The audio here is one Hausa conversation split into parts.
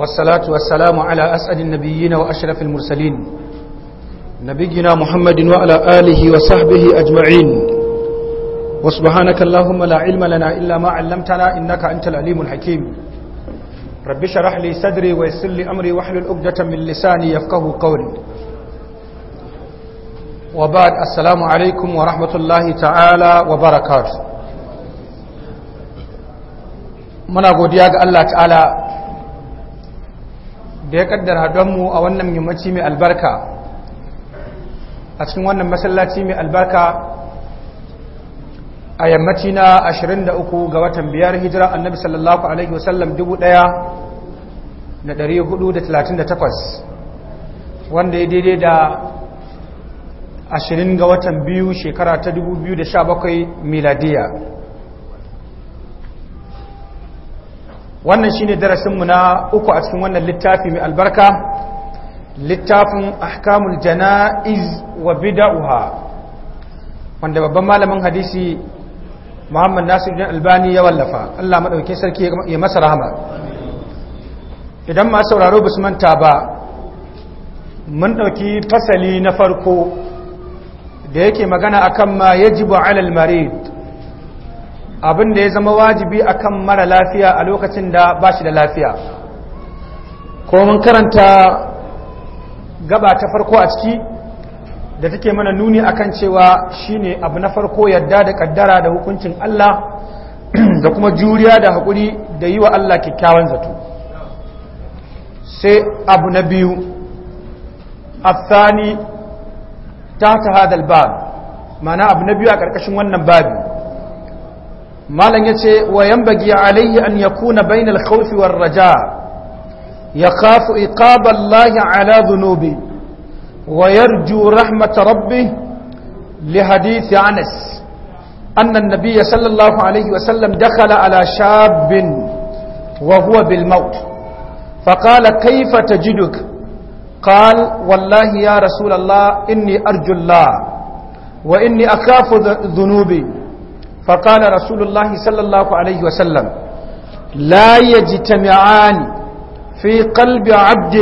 والصلاة والسلام على أسعد النبيين وأشرف المرسلين نبينا محمد وعلى آله وصحبه أجمعين وسبحانك اللهم لا علم لنا إلا ما علمتنا إنك أنت العليم الحكيم رب شرح لي صدري ويسر لي أمري واحلل الأقدة من لساني يفقه قولي وبعد السلام عليكم ورحمة الله تعالى وبركاته muna godiya ga Allah تعالى da ya kaddara don mu a wannan yammaci mai albarka a cikin wannan masallaci mai albarka a yammaci na 23 ga watan biyar hijira annabi sallallahu alaihi wasallam 1438 wanda ya daidai da 20 ga watan biyu shekara ta 2017 miladiyya wannan shine darasinmu na uku a cikin wannan littafi mai albarka littafin ahkamul jana'iz wa bid'uha wanda babban malamin hadisi Muhammad Nasiruddin Albani ya wallafa Allah madauke sarki ya masa rahama idan ma sauraro basu manta ba mun dauki fasali na farko da yake magana akan ma yajibu 'alal marid abin da ya zama wajibi akan mara lafiya a lokacin da ba shi da lafiya ko mun karanta gaba ta farko a ciki da take mana nuni akan cewa shine abu na farko yadda da kaddara da hukuncin Allah da kuma juriya da haƙuri da yi wa Allah kyakkyawan zato sai abu na biyu afsani ta ta hadal ba mana abu na biyu a ƙarƙashin wannan babi malam ya ce wa yambagi alayhi an yakuna bainal khawfi war raja ya khafu iqaba Allah ala dhunubi wa yarju rahmat rabbi li hadith Anas أن النبي صلى الله عليه وسلم دخل على شاب وهو بالموت فقال كيف تجدك قال والله يا رسول الله إني أرجو الله وإني أخاف ذنوبي فقال رسول الله صلى الله عليه وسلم لا يجتمعان في قلب عبد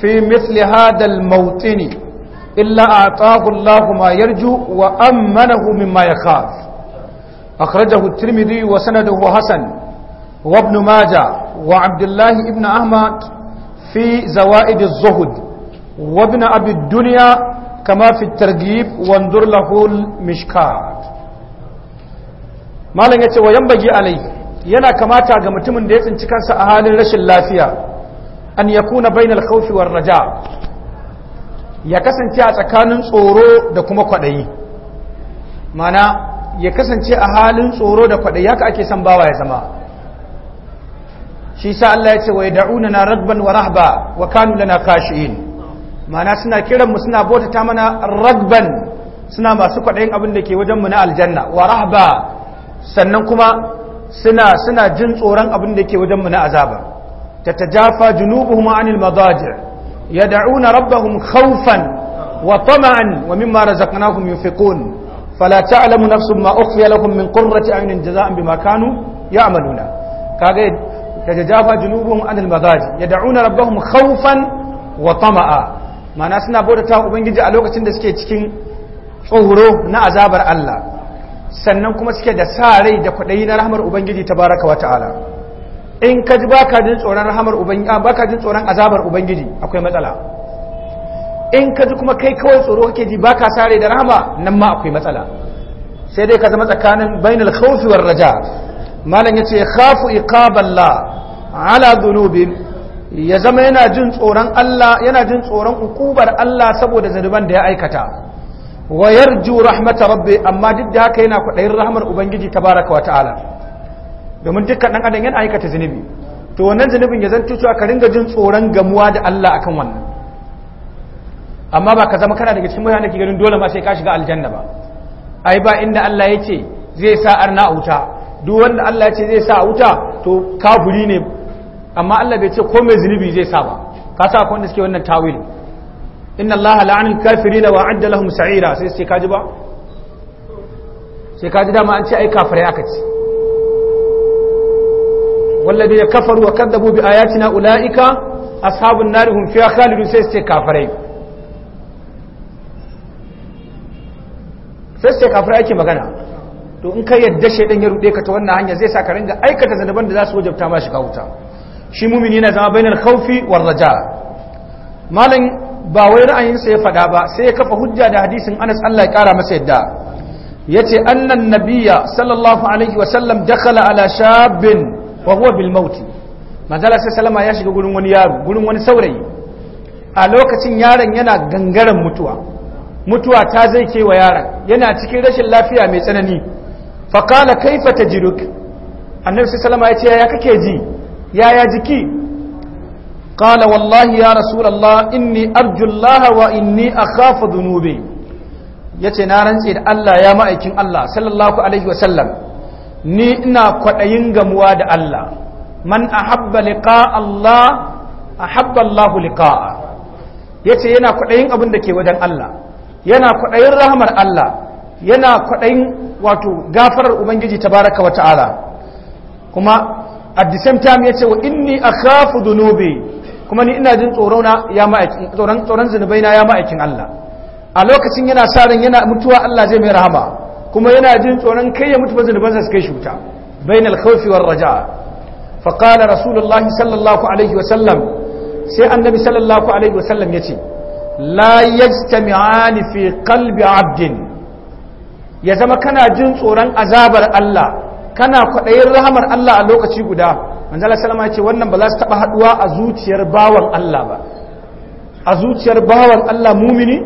في مثل هذا الموطن إلا أعطاه الله ما يرجو وأمنه مما يخاف أخرجه الترمذي وسنده حسن وابن ماجه وعبد الله ابن أحمد في زوائد الزهد وابن أبي الدنيا كما في الترغيب وانظر له المشكار malam ya ce wa yambagi alai yana kamata ga mutumin da ya tsinci kansa a halin rashin lafiya an ya kuna bainal raja ya kasance a tsakanin tsoro da kuma kwaɗayi mana ya kasance a halin tsoro da kwaɗayi haka ake san bawa ya zama shi sa Allah ya ce wa yad'una na ragban wa rahba wa kanu lana khashi'in mana suna kiran mu suna bota ta mana ragban suna masu kwaɗayin abin da ke wajen mu na aljanna wa rahba sannan kuma suna suna jin tsoron abin da yake wajenmu na azaba tatajafa junubuhum anil madaji' yad'una rabbahum khawfan wa tama'an wa mimma razaqnahum yunfiqun fala ta'lamu nafsun ma ukhfiya lahum min qurrati a'yunin jazaa'an bima kanu ya'maluna kage tatajafa junubuhum anil madaji' yad'una rabbahum khawfan wa tama'a ma'ana suna bautata ubangiji a lokacin da suke cikin tsoro na azabar Allah sannan kuma suke da sa rai da kwaɗayi na rahamar ubangiji ta baraka wa ta'ala in ka ji baka jin tsoron rahamar ubangiji ah, baka jin tsoron azabar ubangiji akwai matsala in ka ji kuma kai kawai tsoro kake ji baka sa rai da rahama nan ma akwai matsala sai dai ka zama tsakanin bainal khawfi raja malam yace khafu iqaballah ala dhunubin ya zama yana jin tsoron Allah jin tsoron Allah saboda zanuban da ya aikata wa yarju rahmata rabbi amma duk da haka yana kwaɗayin rahmar ubangiji tabaraka wa ta'ala domin dukkan ɗan adam yana aikata zunubi to wannan zunubin ya zanto cewa ka ringa jin tsoron gamuwa da Allah akan wannan amma ba ka zama kana daga cikin mutane da ke ganin dole ma sai ka shiga aljanna ba ai ba inda Allah ya ce zai sa arna a wuta duk wanda Allah ya zai sa a wuta to kafuri ne amma Allah bai ce ko mai zunubi zai sa ba ka sa akwai wanda suke wannan tawil inna allaha la'anil kafirina wa adda lahum sa'ira sai sai kaji ba sai kaji dama an ce ai kafirai aka ce walladina kafaru wa kadzabu bi ayatina ulaika ashabun nar hum fiha khalidun sai sai kafirai sai sai kafirai ake magana to in yadda ya rude ka ta wannan hanya zai sa ringa aikata zanaban da za su wajabta mashi shi shi mumini yana zama bainar khawfi war raja malam ba wai ra'ayinsa ya faɗa ba sai ya kafa hujja da hadisin anas allah ya ƙara masa yadda ya ce annan nabiya sallallahu alaihi wasallam dakala ala shabin wa huwa bil mauti manzala sai salama ya shiga gurin wani yaro gurin wani saurayi a lokacin yaron yana gangaren mutuwa mutuwa ta zai kewa yaron yana cikin rashin lafiya mai tsanani faƙala kaifa ta jiruk annabi sai salama ya ce ya kake ji yaya jiki قال والله يا رسول الله إني أرجو الله وإني أخاف ذنوبي yace na rantse da Allah ya ma'aikin Allah sallallahu alaihi wa sallam ni ina kwaɗayin gamuwa da Allah man ahabba liqa Allah ahabba Allah liqa'a yace yana kwaɗayin abin da ke wajen Allah yana kwaɗayin rahmar Allah yana kwaɗayin wato gafarar ubangiji tabaraka wa ta'ala kuma at the same time yace wa inni akhafu dhunubi kuma ni ina jin tsoron zunubai na ya ma'aikin Allah a lokacin yana sa ran yana mutuwa Allah zai mai rahama kuma yana jin tsoron kai ya mutu ba zunubansa su kai shuta bain alkhawfi war raja fa qala rasulullahi sallallahu alaihi wa sallam sai annabi sallallahu alaihi wa sallam yace la yajtami'an fi qalbi 'abdin ya zama kana jin tsoron azabar Allah kana kwaɗayin rahamar Allah a lokaci guda manzala salama ya ce wannan ba za su taba haduwa a zuciyar bawan Allah ba a zuciyar bawan Allah mumini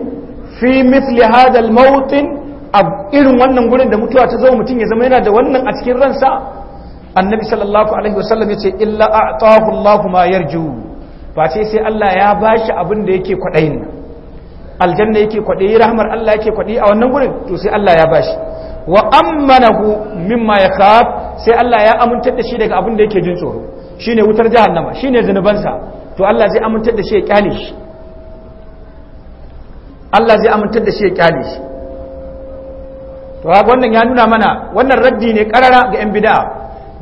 fi mithli hadal mawtin a irin wannan gurin da mutuwa ta zo mutum ya zama yana da wannan a cikin ransa annabi sallallahu alaihi wasallam ya ce illa a'tahu Allahu ma yarju face sai Allah ya bashi abin da yake kwadayin aljanna yake kwadayi rahmar Allah yake kwadayi a wannan gurin to sai Allah ya bashi wa ammanahu mimma yakhaf sai Allah ya amintar da shi daga abin da yake jin tsoro shine wutar jahannama shine zunubansa to Allah zai amintar da shi ya kyale shi Allah zai amintar da shi ya kyale shi to haka wannan ya nuna mana wannan raddi ne karara ga yan bid'a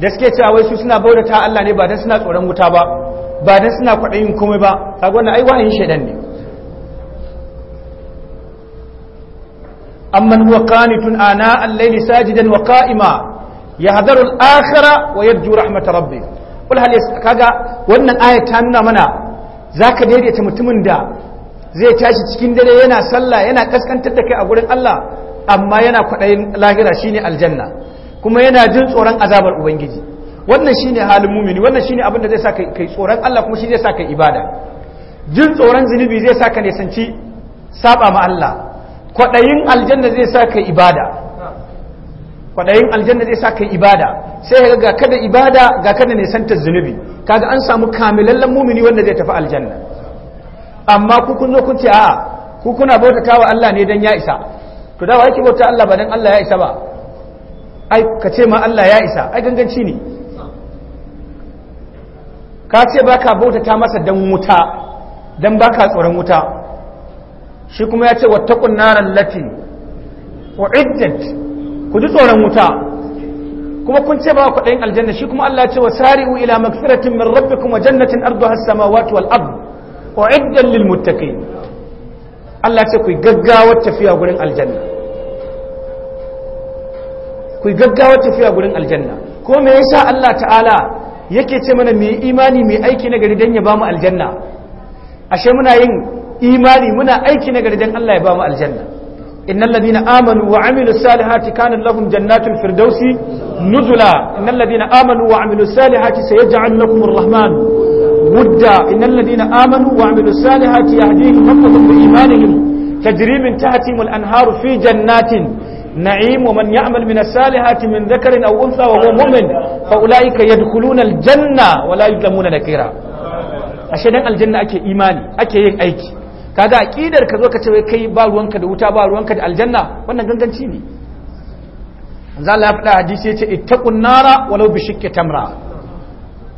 da suke cewa wai su suna bautata Allah ne ba dan suna tsoron wuta ba ba dan suna kwaɗayin komai ba kaga wannan ai wahayin shaidan ne amman huwa qanitun ana al-layli sajidan wa qa'ima yahdharu al-akhirah wa yarju rahmat rabbi kul hal kaga wannan aya ta nuna mana zaka daidaita mutumin da zai tashi cikin dare yana sallah yana kaskantar da kai a gurin Allah amma yana kwaɗayin lahira shine aljanna kuma yana jin tsoron azabar ubangiji wannan shine halin mumini wannan shine abin da zai sa kai tsoron Allah kuma shi zai sa kai ibada jin tsoron zunubi zai sa ka nisanci saba ma Allah kwaɗayin aljanna zai sa kai ibada kwaɗayin aljanna zai sa kai ibada sai ga kada ibada ga kada santar zunubi kaga an samu kamilallen mumini wanda zai tafi aljanna amma ku kun zo kun ce a'a ku kuna bautata wa Allah ne dan ya isa to da yake bauta Allah ba dan Allah ya isa ba ai ka ce ma Allah ya isa ai ganganci ne ka ce baka bautata masa dan wuta dan baka tsoron wuta shi kuma ya ce wattaqun naral lati uiddat ku ji tsoron wuta kuma kun ce ba kwaɗayin aljanna shi kuma Allah ce wa sari'u ila magfiratin min rabbikum wa jannatin arduha as-samawati wal ard uiddat lil muttaqin Allah ce ku gaggawar tafiya gurin aljanna ku gaggawar tafiya gurin aljanna ko me yasa Allah ta'ala yake ce mana mu imani mu aiki na gari dan ya bamu aljanna ashe muna yin imani muna aiki na gari dan Allah ya bamu aljanna إن الذين آمنوا وعملوا الصالحات كان لهم جنات الفردوس نزلا إن الذين آمنوا وعملوا الصالحات سيجعل لكم الرحمن ودا إن الذين آمنوا وعملوا الصالحات يهديهم ربهم بإيمانهم تجري من تحتهم الأنهار في جنات نعيم ومن يعمل من الصالحات من ذكر أو أنثى وهو مؤمن فأولئك يدخلون الجنة ولا يظلمون نكيرا أشهد أن الجنة أكي إيماني أكي أيكي kaga aqidar ka zo ka ce wai kai ba ruwanka da wuta ba ruwanka da aljanna wannan ganganci ne manzo Allah ya faɗa hadisi yace ittaqun nara walau bi shikki tamra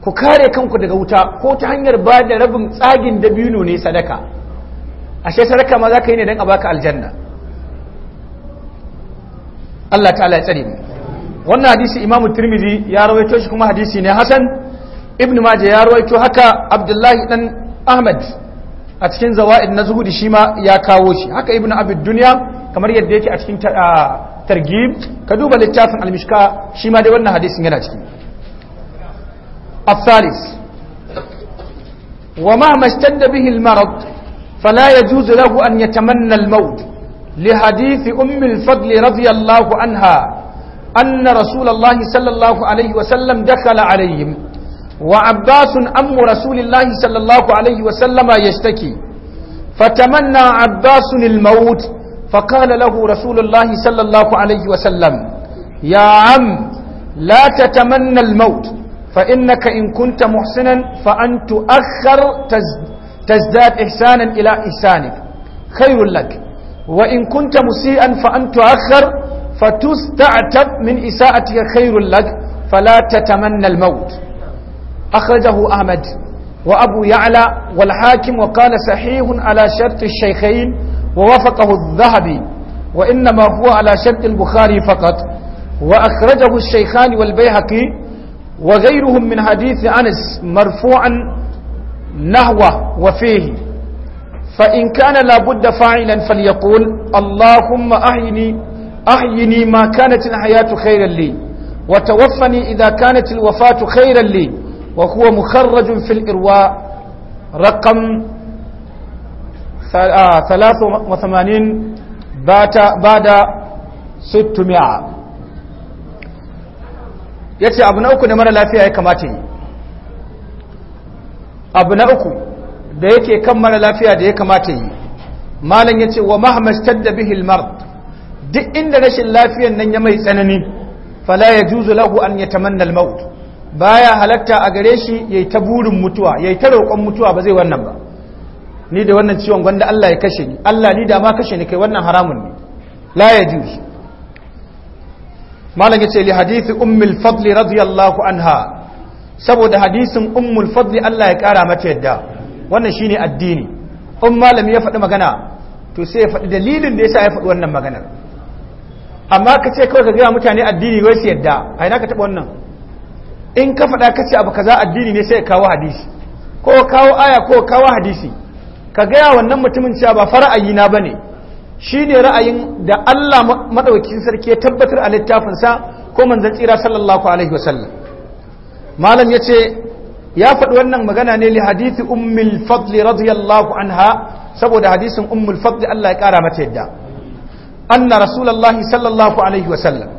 ku kare kanku daga wuta ko ta hanyar ba da rabin tsagin dabino ne sadaka ashe sadaka ma zaka yi ne dan a baka aljanna Allah ta'ala ya tsare mu wannan hadisi Imam Tirmidhi ya rawaito shi kuma hadisi ne Hasan Ibn Majah ya rawaito haka Abdullahi dan Ahmad a cikin zawa'id na zuhudi shima ya kawo shi haka ibn abid duniya kamar yadda yake a cikin targib ka duba littafin almishka shima ma dai wannan hadisin yana ciki afsalis wa ma mashtadda bihi almarad fala ya lahu an yatamanna almaut li hadith umm alfadl radiyallahu anha anna rasulullahi sallallahu alayhi wa sallam dakhala alayhim وعباس أم رسول الله صلى الله عليه وسلم يشتكي فتمنى عباس الموت فقال له رسول الله صلى الله عليه وسلم يا عم لا تتمنى الموت فإنك إن كنت محسنا فأن تؤخر تزداد إحسانا إلى إحسانك خير لك وإن كنت مسيئا فأن تؤخر فتستعتب من إساءتك خير لك فلا تتمنى الموت أخرجه أحمد وأبو يعلى والحاكم وقال صحيح على شرط الشيخين ووافقه الذهبي وإنما هو على شرط البخاري فقط وأخرجه الشيخان والبيهقي وغيرهم من حديث أنس مرفوعا نهوه وفيه فإن كان لابد فاعلا فليقول اللهم أحيني أحيني ما كانت الحياة خيرا لي وتوفني إذا كانت الوفاة خيرا لي وهو مخرج في الإرواء رقم 83 بعد 600 yace abu na uku da mara lafiya ya kamata yi abu da yake kan mara lafiya da ya kamata yi malam yace wa mahmashtad da bihil mard duk inda rashin lafiyan nan ya mai tsanani fala yajuzu lahu an baya halatta a gare shi yayi ta burin mutuwa yayi ta roƙon mutuwa ba zai wannan ba ni da wannan ciwon gwanda Allah ya kashe ni Allah ni da ma kashe ni kai wannan haramun ne la yajuz malam ce li hadisi ummul fadli radiyallahu anha saboda hadisin ummul fadli Allah ya kara mata yadda wannan shine addini in malami ya faɗi magana to sai ya faɗi dalilin da yasa ya faɗi wannan magana amma ka ce kawai ka gaya mutane addini wai su yadda a ina ka taɓa wannan in ka faɗa ka ce abu kaza addini ne sai kawo hadisi ko kawo aya ko kawo hadisi ka gaya wannan mutumin cewa ba fara'ayi na bane ne ra'ayin da Allah maɗaukin sarki ya tabbatar a littafin sa ko manzan tsira sallallahu alaihi wasallam malam ce ya faɗi wannan magana ne li hadisi ummul fadli radiyallahu anha saboda hadisin ummul fadli Allah ya kara mata yadda anna rasulullahi sallallahu alaihi wasallam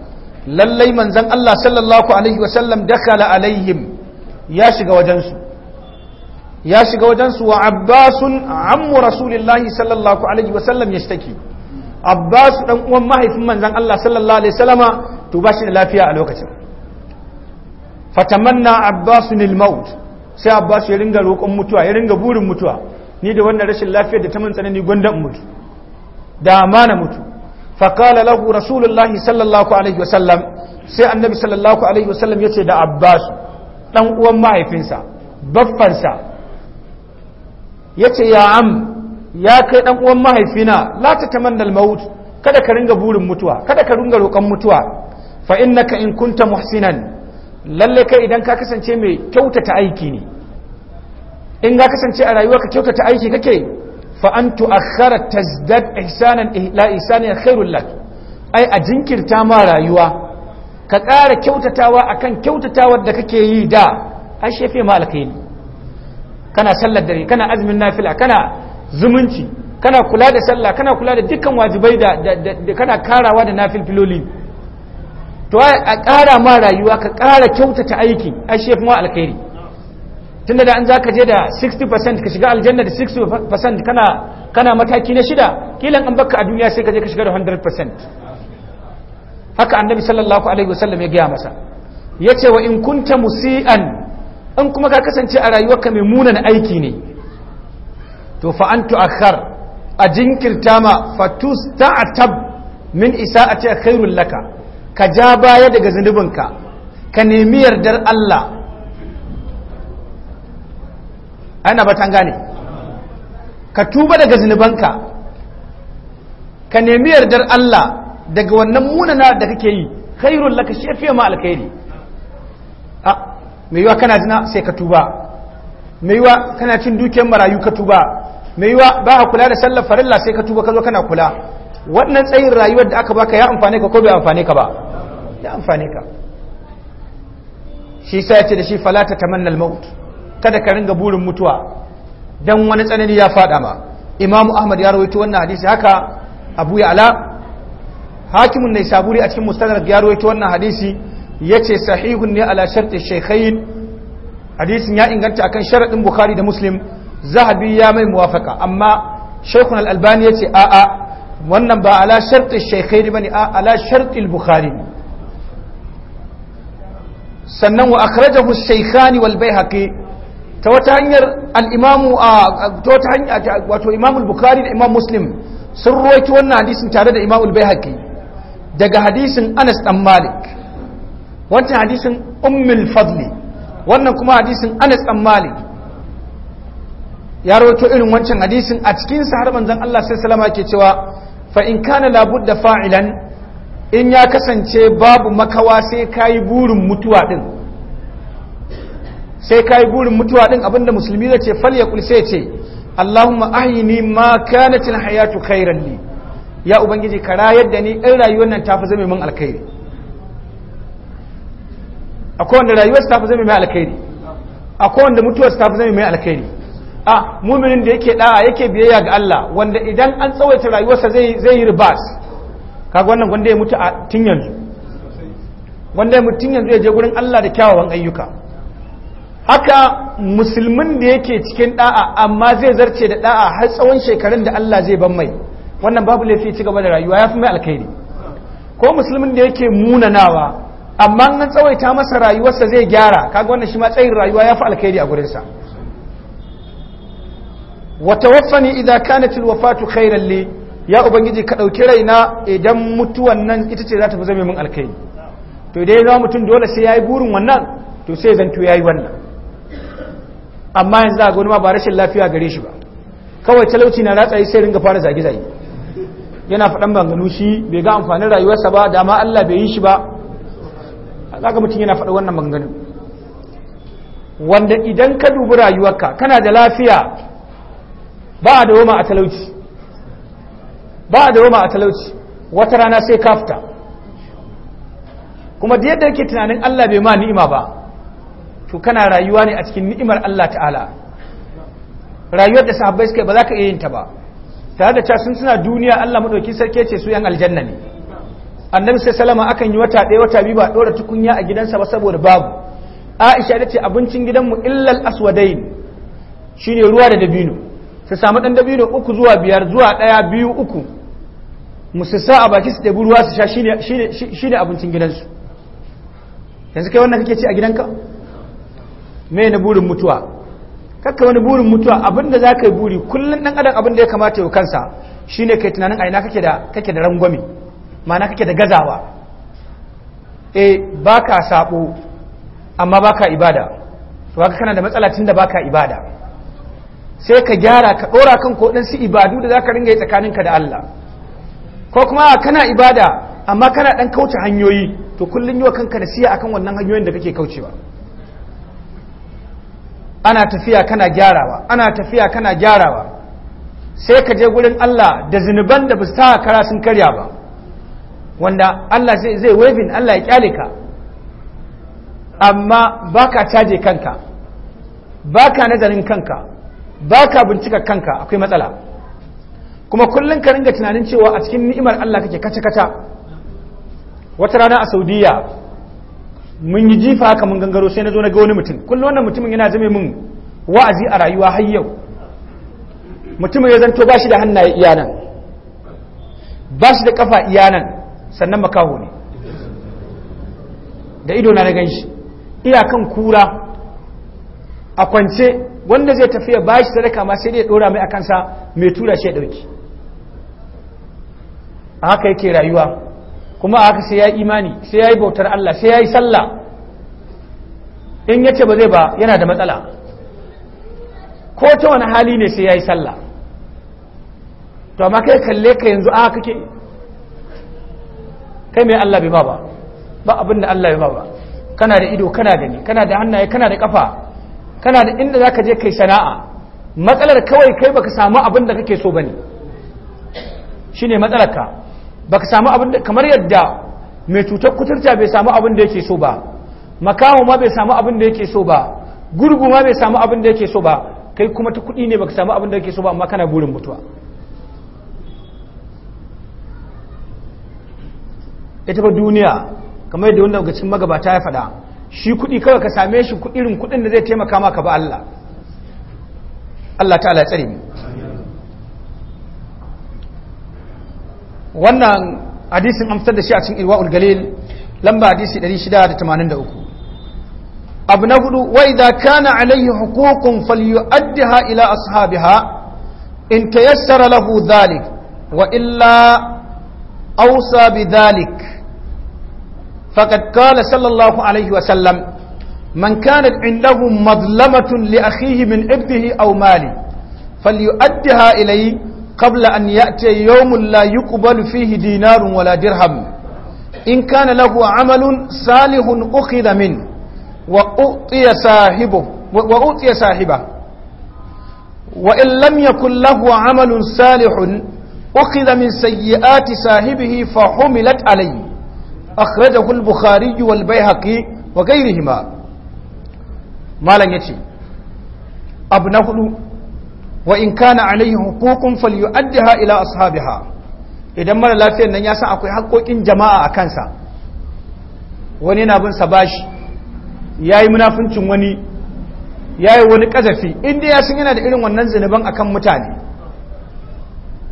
lallai manzan Allah sallallahu alaihi wasallam dakala alaihim ya shiga wajensu ya shiga wajensu wa abbasun ammu rasulillahi sallallahu alaihi wasallam ya shtaki abbasu dan uwan mahaifin manzan Allah sallallahu alaihi wasallama to ba shi da lafiya a lokacin fatamanna abbasun al sai abbasu ya ringa roƙon mutuwa ya ringa burin mutuwa ni da wannan rashin lafiyar da ta mun tsanani gwanda mutu da amana mutu فقال له رسول الله صلى الله عليه وسلم سي النبي صلى الله عليه وسلم يتي دا عباس دان uwan mahaifinsa baffansa yace ya am ya kai dan uwan mahaifina la tatamanna al-maut kada ka ringa burin mutuwa kada ka ringa roƙon mutuwa fa innaka in kunta muhsinan lalle kai idan ka kasance mai kyautata aiki ne in ka kasance a rayuwa ka kyautata aiki kake fa an tu'akhkhara tazdad ihsanan eh, la ihsanan khairul lak ai a jinkirta ma rayuwa ka ƙara kyautatawa a kan kyautatawar da kake yi da ai shefe ma alkhairi kana sallar dare kana azumin nafila kana zumunci kana kula da sallah kana kula da dukkan wajibai da kana karawa da nafilfiloli to a ƙara ma rayuwa ka ƙara kyautata aiki ai shefe ma alkhairi tunda da an za ka je da 60% ka shiga aljanna da 60% kana kana mataki na shida kilan an baka a duniya sai ka je ka shiga da 100% haka annabi sallallahu alaihi wasallam ya gaya masa yace wa in kunta musian in kuma ka kasance a rayuwarka mai munan aiki ne to fa an tu'akhkhar a jinkirta ma fatusta'tab min isa'ati khairul laka ka ja baya daga zunubinka ka nemi yardar Allah ana batan gane ka tuba daga zinubanka ka nemi yardar Allah daga wannan munana da kake yi khairul laka shafiya ma alkhairi a me yiwa kana zina sai ka tuba Me yiwa kana cin dukiyar marayu ka tuba Me yiwa ba ka kula da sallar farilla sai ka tuba ka zo kana kula wannan tsayin rayuwar da aka baka ya amfane ka ko bai amfane ka ba ya amfane ka shi sai ya ce da shi falata tamanna al-maut kada ka ringa burin mutuwa dan wani tsanani ya fada ma imamu ahmad ya rawaito wannan hadisi haka abu ala hakimun ne saburi a cikin mustadrak ya rawaito wannan hadisi yace sahihun ne ala sharti shaykhain hadisin ya inganta akan sharadin bukhari da muslim zahabi ya mai muwafaka amma shaykhun al-albani yace a a wannan ba ala sharti shaykhain bane a ala sharti al-bukhari sannan wa akhrajahu ash-shaykhani wal bayhaqi ta wata hanyar al'imamu a wata hanyar wato imamul bukari da imam muslim sun roki wannan hadisin tare da imamul bai daga hadisin anas ɗan malik wancan hadisin ummul fadli wannan kuma hadisin anas Ɗan malik ya roto irin wancan hadisin a cikin sa har manzon Allah sai salama ke cewa fa in kana da fa'ilan in ya kasance babu makawa sai ka yi burin mutuwa din sai ka yi burin mutuwa din abinda musulmi zai ce kuli sai ce Allahumma ahyini ma kanat hayatu khairan li ya ubangiji ka rayar da ni in rayuwar nan tafi zame mun alkhairi akwai wanda rayuwar tafi zame mai alkhairi akwai wanda mutuwar tafi zame mai alkhairi a muminin da yake da'a yake biyayya ga Allah wanda idan an tsawaita rayuwarsa zai zai yi ribas kaga wannan wanda ya mutu a tun yanzu wanda ya tun yanzu ya je gurin Allah da kyawawan ayyuka haka musulmin da yake cikin da'a amma zai zarce da da'a har tsawon shekarun da Allah zai ban mai wannan babu laifi ci gaba da rayuwa ya fi mai alkhairi ko musulmin da yake munanawa amma an tsawaita masa rayuwarsa zai gyara kaga wannan shi ma tsayin rayuwa ya fi alkhairi a gurinsa wa tawaffani idza kanat alwafatu khairan li ya ubangiji ka dauki raina idan mutuwan nan ita ce za ta fi zame min alkhairi to dai za mutum dole sai yayi burin wannan to sai zanto yayi wannan amma yanzu a gudunma ma ba rashin lafiya gare shi ba kawai talauci na ratsayi sai ringa fara zage-zage yana faɗan banganu shi bai ga amfanin rayuwarsa ba dama Allah bai yi shi ba za ka mutum yana faɗa wannan banganin wanda idan ka dubi rayuwarka kana da lafiya ba a dawoma a talauci ba a dawoma a talauci wata rana sai kafta kuma da yadda yake tunanin Allah bai ma ni'ima ba to kana rayuwa ne a cikin ni'imar Allah ta'ala rayuwar da sahabbai suka ba za ka iya yin ta ba tare da cewa sun suna duniya Allah madauki sarki ce su yan aljanna ne annabi sai salama akan yi wata ɗaya wata biyu ba ɗora tukunya a gidansa ba saboda babu aisha ta ce abincin gidanmu illal aswadain shine ruwa da dabino su samu ɗan dabino uku zuwa biyar zuwa ɗaya biyu uku musu sa a baki su ɗabi ruwa su sha shine abincin gidansu yanzu kai wannan kake ci a gidanka me na burin mutuwa kakka wani burin mutuwa abinda za ka yi buri kullum ɗan adam abinda ya kamata yau kansa shi ne yi tunanin aina kake da kake da rangwami ma'ana kake da gazawa e ba ka saɓo amma ba ka ibada to haka kana da matsala tun da ba ka ibada sai ka gyara ka ɗora kan ko ɗansu ibadu da za ka ringa yi tsakaninka da Allah ko kuma kana ibada amma kana ɗan kauce hanyoyi to kullum yi wa kanka siya akan wannan hanyoyin da kake kaucewa ana tafiya kana gyarawa ana tafiya kana gyarawa sai ka je gurin Allah da zunuban da ba sa kara sun karya ba wanda Allah zai waifin Allah ya kyale ka amma baka caje kanka baka nazarin kanka baka bincika kanka akwai matsala kuma kullum ka ringa tunanin cewa a cikin ni'imar Allah kake kace-kaca wata rana a Saudiya mun yi jifa haka mun gangaro sai na zo na ga wani mutum kullum wannan mutumin yana zame mun wa'azi a rayuwa har yau mutumin ya zanto ba shi da hannaye iyanan ba shi da kafa iyanan sannan makaho ne da ido na na gan shi iyakan kura a kwance wanda zai tafiya ba shi sadaka ma sai dai ya dora mai a kansa mai tura shi ya dauki a haka yake rayuwa kuma haka sai ya imani sai ya yi bautar Allah sai ya yi sallah in ya ce ba zai ba yana da matsala ko ta wani hali ne sai ya yi sallah to amma kai kalle ka yanzu a ah, kake kai mai Allah bai ba ba ba abin da Allah bai ba ba kana da ido kana gani kana da hannaye kana da kafa kana da inda za ka je kai sana'a matsalar kawai kai baka samu abin da kake so bane shine matsalar ka baka samu abin da kamar yadda mai cutar kuturta bai samu abin da yake so ba makaho ma bai samu abin da yake so ba gurgu ma bai samu abin da yake so ba kai kuma ta kuɗi ne baka samu abin da yake so ba amma kana burin mutuwa ita ba duniya kamar yadda wanda cikin magabata ya faɗa shi kuɗi kawai ka same shi irin kuɗin da zai taimaka maka ba Allah Allah ta'ala tsare mu wannan hadisin an da shi a cikin irwa'ul galil lamba hadisi 683 abu na hudu wa idza kana alayhi huququn falyu'addiha ila ashabiha in tayassara lahu dhalik wa illa awsa bidhalik faqad qala sallallahu alayhi wa sallam man kanat indahu madlamatun li akhihi min ibdihi aw mali falyu'addiha ilayhi qabla an ya'ti yawmun la yuqbalu fihi dinarun wala dirham in kana lahu amalun salihun ukhidha min wa u'tiya sahibu wa u'tiya sahiba wa in lam yakul lahu amalun salihun ukhidha min sayyiati sahibihi fa humilat alayhi akhrajahu al-bukhari wal bayhaqi wa ghayrihima malan yace abu na hudu wa in kana alaihi hukukun falyu'addiha ila ashabiha idan mara lafiyar nan ya san akwai haƙoƙin jama'a a kansa wani na bin sa bashi yayi munafincin wani yayi wani kazafi inda ya san yana da irin wannan zinuban akan mutane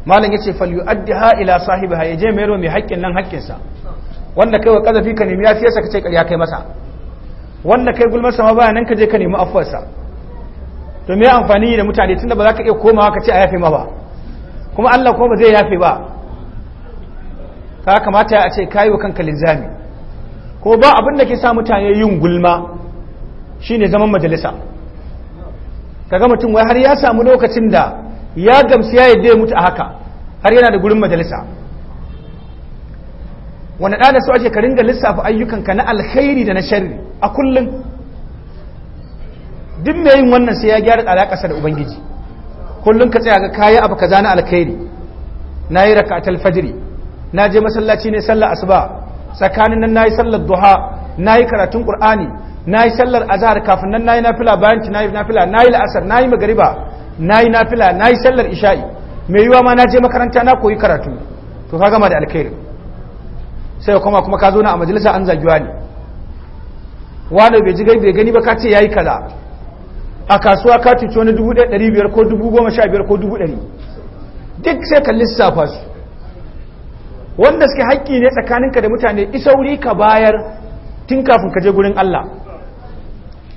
malam yace falyu'addiha ila sahibiha yaje mai mai haƙƙin nan haƙƙinsa sa wanda kai wa kazafi ka nemi sa ka ce ya kai masa wanda kai gulmarsa ma baya nan ka je ka nemi afuwarsa to me amfani da mutane tunda ba za ka iya komawa ka ce a yafe ma ba kuma Allah ko ba zai yafe ba ka kamata a ce kayi wa kanka linzami ko ba abin da ke sa mutane yin gulma shine zaman majalisa kaga mutum wai har ya samu lokacin da ya gamsu ya yadda ya mutu a haka har yana da gurin majalisa wani da su ake ka ringa lissafa ayyukanka na alkhairi da na sharri a kullum duk mai yin wannan sai ya gyara alaƙarsa da ubangiji kullum ka tsaya ga kayi abu kaza na alkhairi na yi rakatul fajri na je masallaci ne sallar asuba tsakanin nan nayi sallar duha yi karatun na yi sallar azahar kafin nan nayi nafila bayan ci nayi nafila nayi al'asar nayi na nayi nafila yi sallar isha'i me yiwa ma na je makaranta na koyi karatu to ka gama da alkhairi sai kuma kuma ka zo na a majalisa an zagiwa ne wani bai ji bai gani ba ka ce ya yi kaza a kasuwa ka cuci wani dubu ko dubu ko dubu duk sai ka lissafa su wanda suke haƙƙi ne tsakaninka da mutane isa isauri ka bayar tun kafin ka je gurin Allah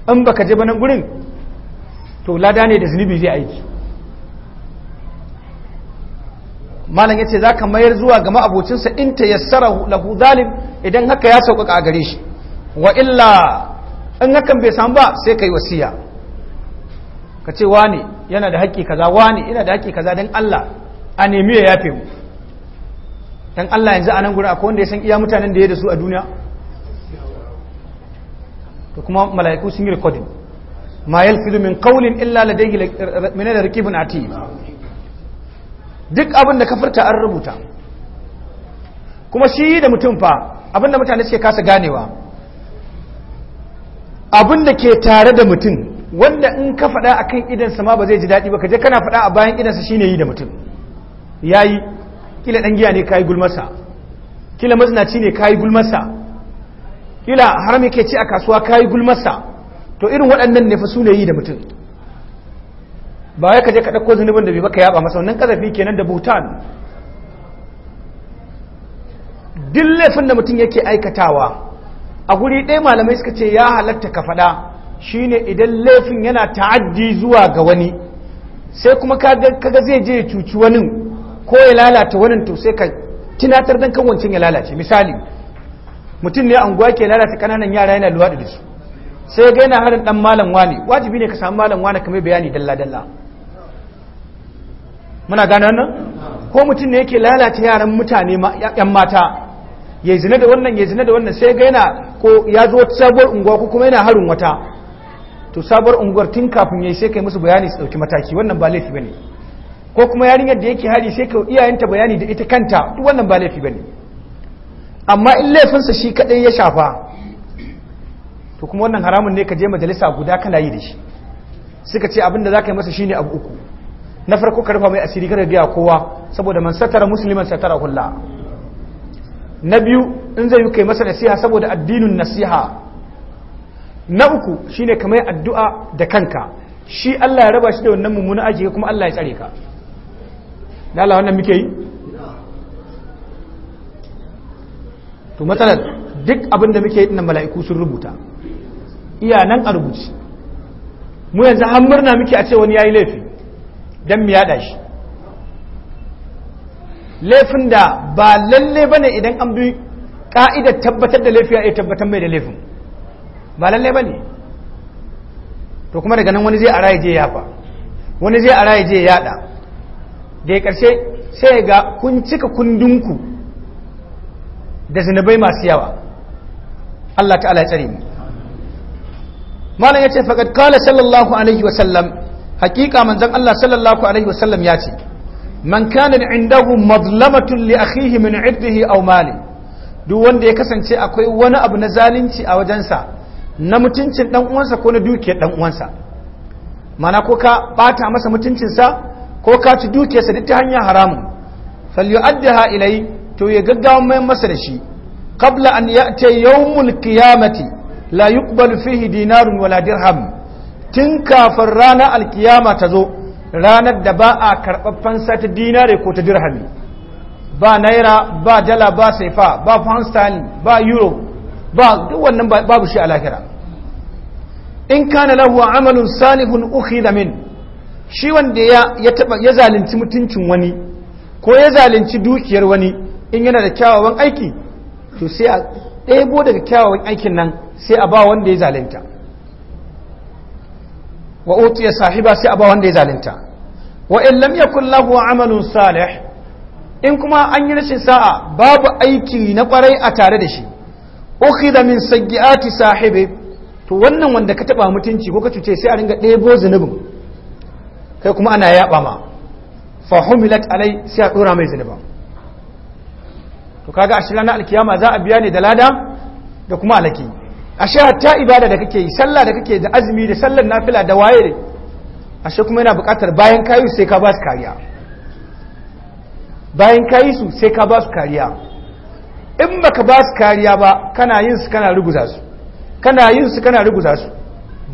in ba ka je banan gurin to lada ne da zunubi zai aiki malam ya ce za ka mayar zuwa ga ma'abocinsa in ta yassara lahu zalim idan haka ya sauƙaƙa a gare shi wa illa in hakan bai samu ba sai ka yi wasiya ka ce wane yana da haƙƙi kaza wane yana da haƙƙi kaza don Allah a nemi ya yafe mu don Allah yanzu a nan gurin akwai wanda ya san iya mutanen da ya da su a duniya to kuma mala'iku sun yi rikodin ma yalfidu min kaunin illa da rikibin a ti duk abin da ka furta an rubuta kuma shi da mutum fa abin da mutane suke kasa ganewa abin da ke tare da mutum wanda in ka faɗa a kan idansa ma ba zai ji daɗi ba ka je kana faɗa a bayan idansa shi ne yi da mutum ya yi kila ɗan giya ne ka yi gulmasa kila mazinaci ne ka yi gulmasa kila haram yake ci a kasuwa ka yi gulmasa to irin waɗannan ne fa su ne yi da mutum ba ya ka je ka ɗauko zunubin da bai baka yaba masa wannan kazafi kenan da bhutan duk laifin da mutum yake aikatawa a guri ɗaya malamai suka ce ya halatta ka faɗa Shi ne idan laifin yana ta'addi zuwa ga wani sai kuma kaga zai je cuci wani ko ya lalata wani to sai ka tunatar dan kanwancin ya lalace misali mutum ne anguwa ke lalata kananan yara yana luwaɗi da su sai ga yana harin dan malam wani wajibi ne ka samu malam wani kamar bayani dalla dalla muna gane nan ko mutum ne yake lalata yaran mutane yan mata ya zina da wannan ya zina da wannan sai ga yana ko ya zo sabuwar unguwa ko kuma yana harin wata to sabuwar unguwar tun kafin ya yi sai kai musu bayani su dauki mataki wannan ba laifi bane ko kuma yarinyar da yake hari sai ka iyayenta bayani da ita kanta duk wannan ba laifi bane amma in laifinsa shi kadai ya shafa to kuma wannan haramun ne ka je majalisa guda kana yi da shi suka ce abinda za ka yi masa shine abu uku na farko ka rufa mai asiri kada biya kowa saboda man satara musliman satara kulla na biyu in zai yi kai masa nasiha saboda addinin nasiha na uku shine kamar addu'a da kanka shi Allah ya raba shi da wannan mummuna aji kuma Allah ya tsare ka na Allah wannan muke yi to matsalar duk abin da muke yi dinnan mala'iku sun rubuta iya nan a rubuci mu yanzu har murna muke a ce wani ya yi laifi don mu yada shi laifin da ba lalle ne idan an bi ka'idar tabbatar da laifi ya tabbatar mai da laifin ba lalle ba ne to kuma daga nan wani zai a raye je yafa wani zai a raye je yada da ya karshe sai ga kun cika kundinku da zinabai masu yawa Allah ta'ala ya tsare mu malam ya ce faqad qala sallallahu alaihi wa sallam haqiqa manzon Allah sallallahu alaihi wa sallam ya ce man kana indahu madlamatun li akhihi min 'ibdihi aw mali duk wanda ya kasance akwai wani abu na zalunci a wajensa na mutuncin dan uwansa ko na dukiyar dan uwansa mana ko ka bata masa mutuncinsa ko ka ci dukiyarsa duk ta hanyar haramun yu'addaha ilai to ya gaggawa mai masa da shi qabla an ya'ti yawmul qiyamati la yuqbal fihi dinarun wala dirham tun kafin ranar alkiyama ta zo ranar da ba a karɓaffen sata dinare ko ta dirhami ba naira ba dala ba saifa ba pound sterling ba euro ba duk wannan babu shi a in kana lahu amalun salihun ukhidha min shi wanda ya ya taba ya zalunci mutuncin wani ko ya zalunci dukiyar wani in yana da kyawawan aiki to sai a ɗebo daga kyawawan aikin nan sai a ba wanda ya zalunta wa utiya sahiba sai a ba wanda ya zalunta wa in lam yakul lahu amalun salih in kuma an yi rashin sa'a babu aiki na kwarai a tare da shi ukhida min sayyiati sahibi to wannan wanda ka taba mutunci ko ka cuce sai a ringa ɗebo zinubin kai kuma ana yaba ma fa humilat alai sai a dora mai zinuba. to kaga a shirana alkiyama za a biya ne da lada da kuma alaki ashe hatta ibada da kake yi sallah da kake da azumi da sallar nafila da waye ne ashe kuma yana buƙatar bayan kayi sai ka ba su kariya bayan kayi su sai ka ba su kariya in baka ba su kariya ba kana yin su kana ruguza su kana yin su kana ruguza su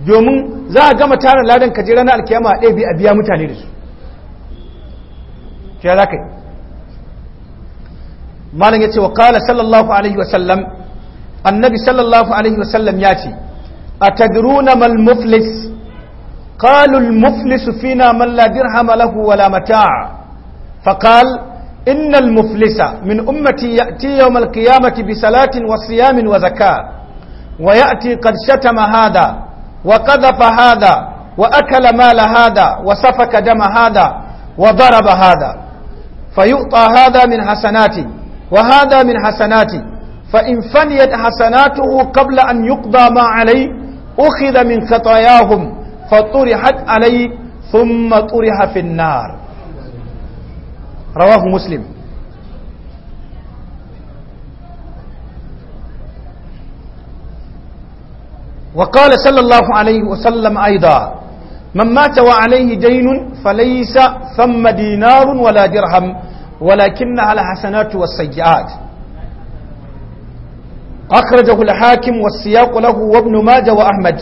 domin za a gama tarin ladan ka je ranar alkiyama a ɗaya a biya mutane da su shi ya za ka yi malam ya ce wa kala sallallahu alaihi wasallam annabi sallallahu alaihi wasallam ya ce a tadruna mal muflis قالوا المفلس فينا من لا درهم له ولا متاع فقال إن المفلس من أمتي يأتي يوم القيامة بصلاة وصيام وزكاة ويأتي قد شتم هذا وقذف هذا وأكل مال هذا وسفك دم هذا وضرب هذا فيؤطى هذا من حسناتي وهذا من حسناتي فإن فنيت حسناته قبل أن يقضى ما عليه أخذ من خطاياهم فطرحت عليه ثم طرح في النار رواه مسلم وقال صلى الله عليه وسلم أيضا من مات وعليه دين فليس ثم دينار ولا درهم ولكنها الحسنات والسيئات أخرجه الحاكم والسياق له وابن ماجه وأحمد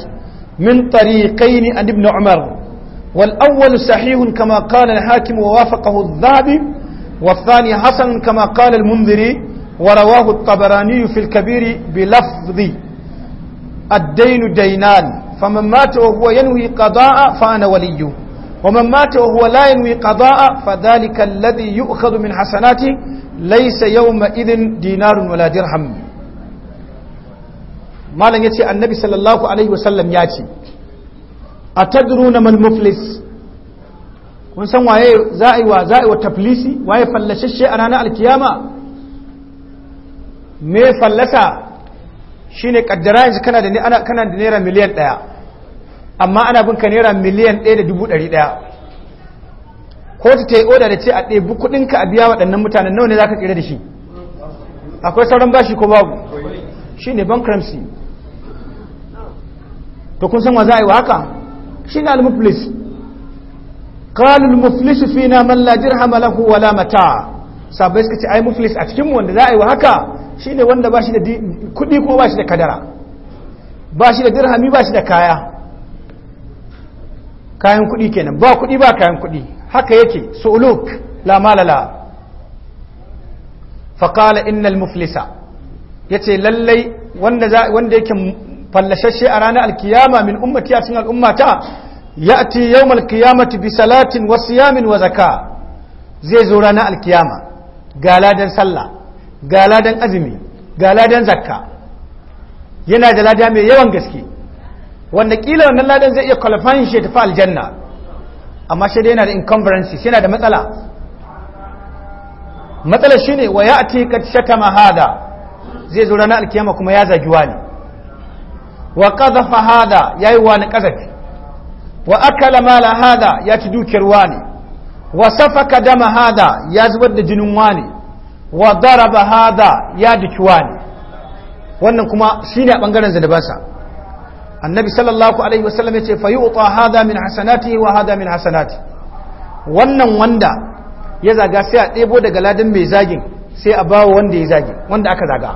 من طريقين عن ابن عمر والأول صحيح كما قال الحاكم ووافقه الذهبي والثاني حسن كما قال المنذري ورواه الطبراني في الكبير بلفظ الدين دينان فمن مات وهو ينوي قضاء فأنا وليه ومن مات وهو لا ينوي قضاء فذلك الذي يؤخذ من حسناته ليس يومئذ دينار ولا درهم ما لن يتي النبي صلى الله عليه وسلم ياتي أتدرون من مفلس kun san waye za a yi wa za wa taflisi waye fallashe a ranar alkiyama me fallasa shi ne kaddara yanzu kana da naira miliyan daya amma ana ka naira miliyan ɗaya da dubu ɗari ɗaya kotu ta yi oda da ce a ɗebi kuɗinka a biya waɗannan mutanen nawa ne za ka ƙira da shi akwai sauran bashi ko babu shi ne bankruptcy to kun san wa za a yi wa haka shi ne almuflis قال المفلس فينا من لا درهم له ولا متاع sabai suka ce ai muflis a cikinmu wanda za a yi wa haka Shi ne wanda ba shi da kudi kuma ba shi da kadara ba shi da dirhami ba shi da kaya kayan kudi kenan ba kudi ba kayan kudi haka yake su'uluk la malala Faƙala innal muflisa Ya ce lallai wanda wanda yake fallashashe a ranar alkiyama min ummati a cikin al'ummata ya'ti yawm al-qiyamati bi salatin wa siyamin wa zaka zai zo ranar alkiyama ga ladan sallah ga ladan azumi ga ladan zakka yana da lada mai yawan gaske wanda kila wannan ladan zai iya kwalifan shi tafi aljanna amma shi dai yana da encumbrances yana da matsala matsala shine wa ya'ti qad shatama hada zai zo ranar alkiyama kuma ya zagi wani wa qadhafa hada yayi wani kazafi wa akala mala hada ya ci dukiyar wani wa safaka dama hada ya zubar da jinin wani wa daraba hada ya duki wani wannan kuma shine a bangaren zanabansa annabi sallallahu alaihi wasallam ya ce fa yu'ta hada min hasanati wa hada min hasanati wannan wanda ya zaga sai a ɗebo daga ladan mai zagin sai a bawa wanda ya zagi wanda aka zaga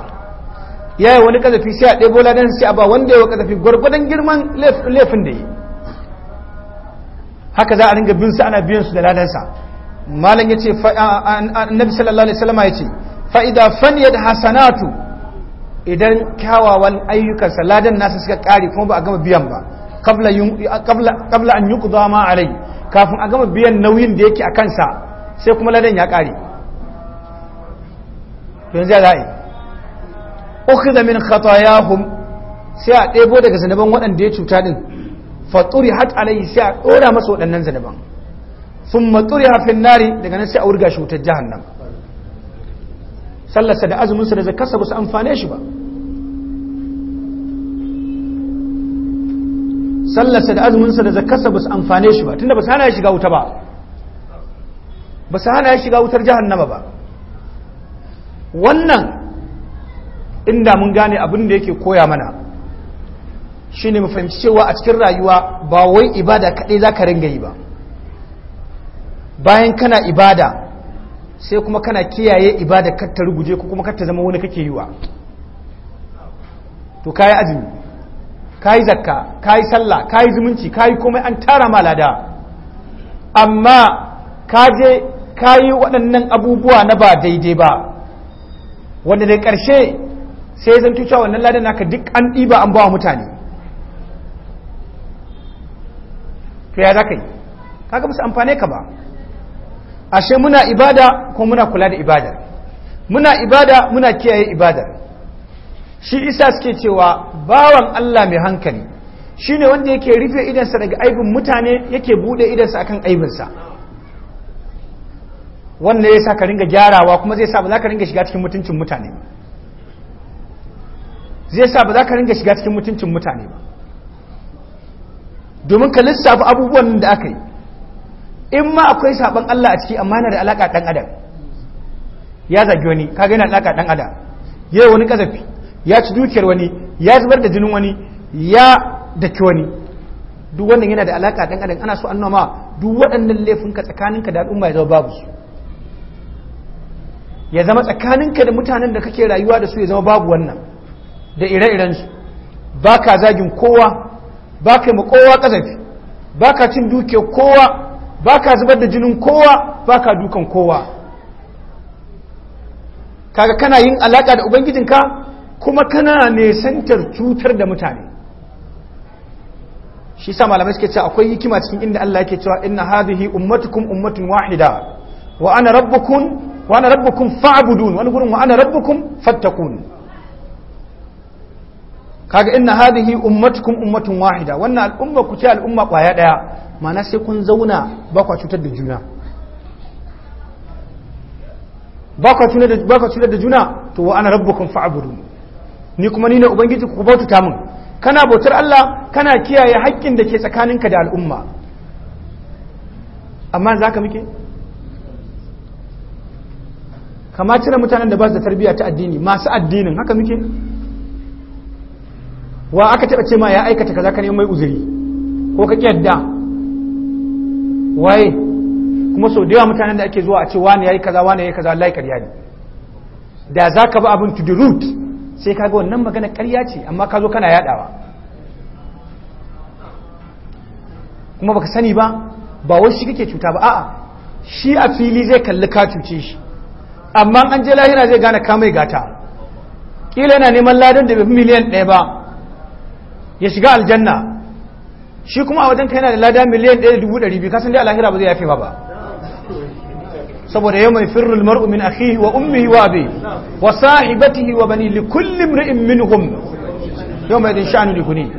yayi wani kazafi sai a ɗebo ladan sai a ba wanda ya wa kazafi gwargwadon girman laifin da yi haka za a ringa bin su ana biyan su da ladansa malam yace annabi sallallahu alaihi wasallam yace fa'ida idza faniyat hasanatu idan kyawawan ayyukansa ladan nasa suka kare kuma ba a gama biyan ba qabla qabla an yuqda ma alai kafin a gama biyan nauyin da yake a kansa sai kuma ladan ya kare to yanzu za a yi ukhidha min khatayahum sai a ɗebo daga zanaban waɗanda ya cuta din faturi hat alaihi sai a ɗora masa waɗannan zanuban sun matsuri hafin nari daga nan sai a wurga shi wutar jahannan sallarsa da azuminsa da zakarsa ba su amfane shi ba sallarsa da azuminsa da zakarsa ba su amfane shi ba tunda ba su hana ya shiga wuta ba ba su hana ya shiga wutar jahannama ba wannan inda mun gane abin da yake koya mana shine ne fahimci cewa a cikin rayuwa ba wai ibada kaɗai za ka ringa yi ba bayan kana ibada sai kuma kana kiyaye ibada kar ta ruguje ko kuma kar zama wani kake yi wa to kayi azumi kayi zakka kayi sallah kayi zumunci kayi komai an tara ma lada amma ka je kayi waɗannan abubuwa na ba daidai ba wanda da ƙarshe sai zan tuca wannan ladan naka duk an ɗiba an bawa mutane to ya za ka yi kaga musu amfane ka ba ashe muna ibada ko muna kula da ibada muna ibada muna kiyaye ibada shi isa suke cewa bawan Allah mai hankali shine wanda yake rufe idansa daga aibin mutane yake bude idansa akan aibinsa wannan ya sa ka ringa gyarawa kuma zai sa ba za ka ringa shiga cikin mutuncin mutane zai sa ba za ka ringa shiga cikin mutuncin mutane ba domin ka lissafi abubuwan da aka yi in ma akwai saban Allah a ciki amma na da alaka dan adam ya zagi wani ka ga alaka dan adam yi wani kazafi ya ci dukiyar wani ya zubar da jinin wani ya daki wani duk wannan yana da alaka dan adam ana so an noma duk waɗannan laifinka tsakaninka da al'umma ya zama babu su ya zama tsakanin ka da mutanen da kake rayuwa da su ya zama babu wannan da ire-irensu ba ka zagin kowa ba ka yi kowa kasafi ba ka cin duke kowa ba ka zubar da jinin kowa ba ka dukan kowa kaga kana yin alaƙa da ubangijinka kuma kana nesantar cutar da mutane shi sa malamai suke cewa akwai hikima cikin inda Allah yake cewa inna hadhihi ummatukum ummatun wahida wa ana rabbukum wa ana rabbukum fa'budun wani gurin wa ana rabbukum fattaqun kaga inna hadhihi ummatukum ummatun wahida wannan al'umma ku ce al'umma kwaya daya ma'ana sai kun zauna ba kwa cutar da juna ba kwa cutar da ba kwa cutar da juna to wa ana rabbukum fa'budu ni kuma ni ne ubangiji ku bauta min kana bautar Allah kana kiyaye haƙƙin da ke tsakaninka da al'umma amma za ka muke kama cire mutanen da ba su da tarbiyya ta addini masu addinin haka muke wa aka taɓa ce ma ya aikata kaza ka mai uzuri ko ka yadda waye kuma sau da yawa mutanen da ake zuwa a ce wani yayi kaza wani yayi kaza wallahi ƙarya da za ka bi abin to the root sai ka ga wannan magana karya ce amma ka zo kana yadawa kuma baka sani ba ba wai shi kake cuta ba a'a shi a fili zai kalli ka cuce shi amma an je lahira zai gane ka mai gata kila yana neman ladan da bai miliyan ɗaya ba ya shiga aljanna shi kuma a wajen kai yana da lada miliyan 1,200 kasan dai alahira ba zai yafe ba ba saboda yamma firrul mar'u min akhihi wa ummihi wa abi wa sahibatihi wa bani li kulli imri'in minhum yawma idin sha'nu likuni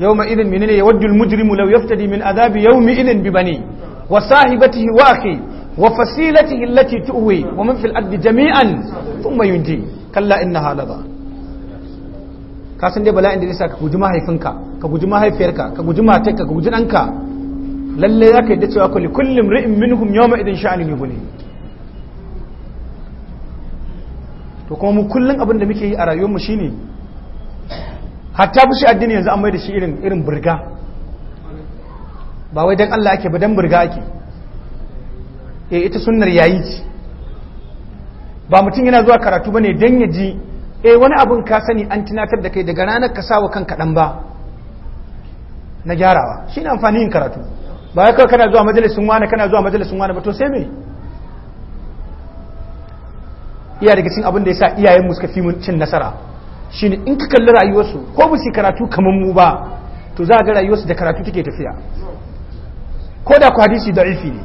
yawma idin menene yawaddu almujrimu law yaftadi min adhabi yawmi idin bi bani wa sahibatihi wa akhi wa fasilatihi allati tu'wi wa man fil ardi jami'an thumma yunji kalla innaha laba ka san dai bala'in da zai ka guji mahaifinka ka guji mahaifiyarka ka guji matarka ka guji ɗanka lalle za ka yi da cewa kulli kullum ri'in minhum yawma idin sha'anin yughni to kuma mu kullum abin da muke yi a mu shine hatta shi addini yanzu an mai da shi irin irin burga ba wai dan Allah ake ba dan burga ake eh ita sunnar yayi ba mutum yana zuwa karatu bane dan ya ji E wani abun ka sani an tunatar da kai daga ranar ka wa kanka dan ba na gyarawa shi shine amfani yin karatu ba ya kawai kana zuwa majalisun wani kana zuwa majalisun wani ba to sai mai iya daga cikin abin da ya sa iyayenmu suka fi mun cin nasara shi ne in ka kalli rayuwarsu ko ba su karatu kamar mu ba to za a ga rayuwarsu da karatu take tafiya ko da ku hadisi da'ifi ne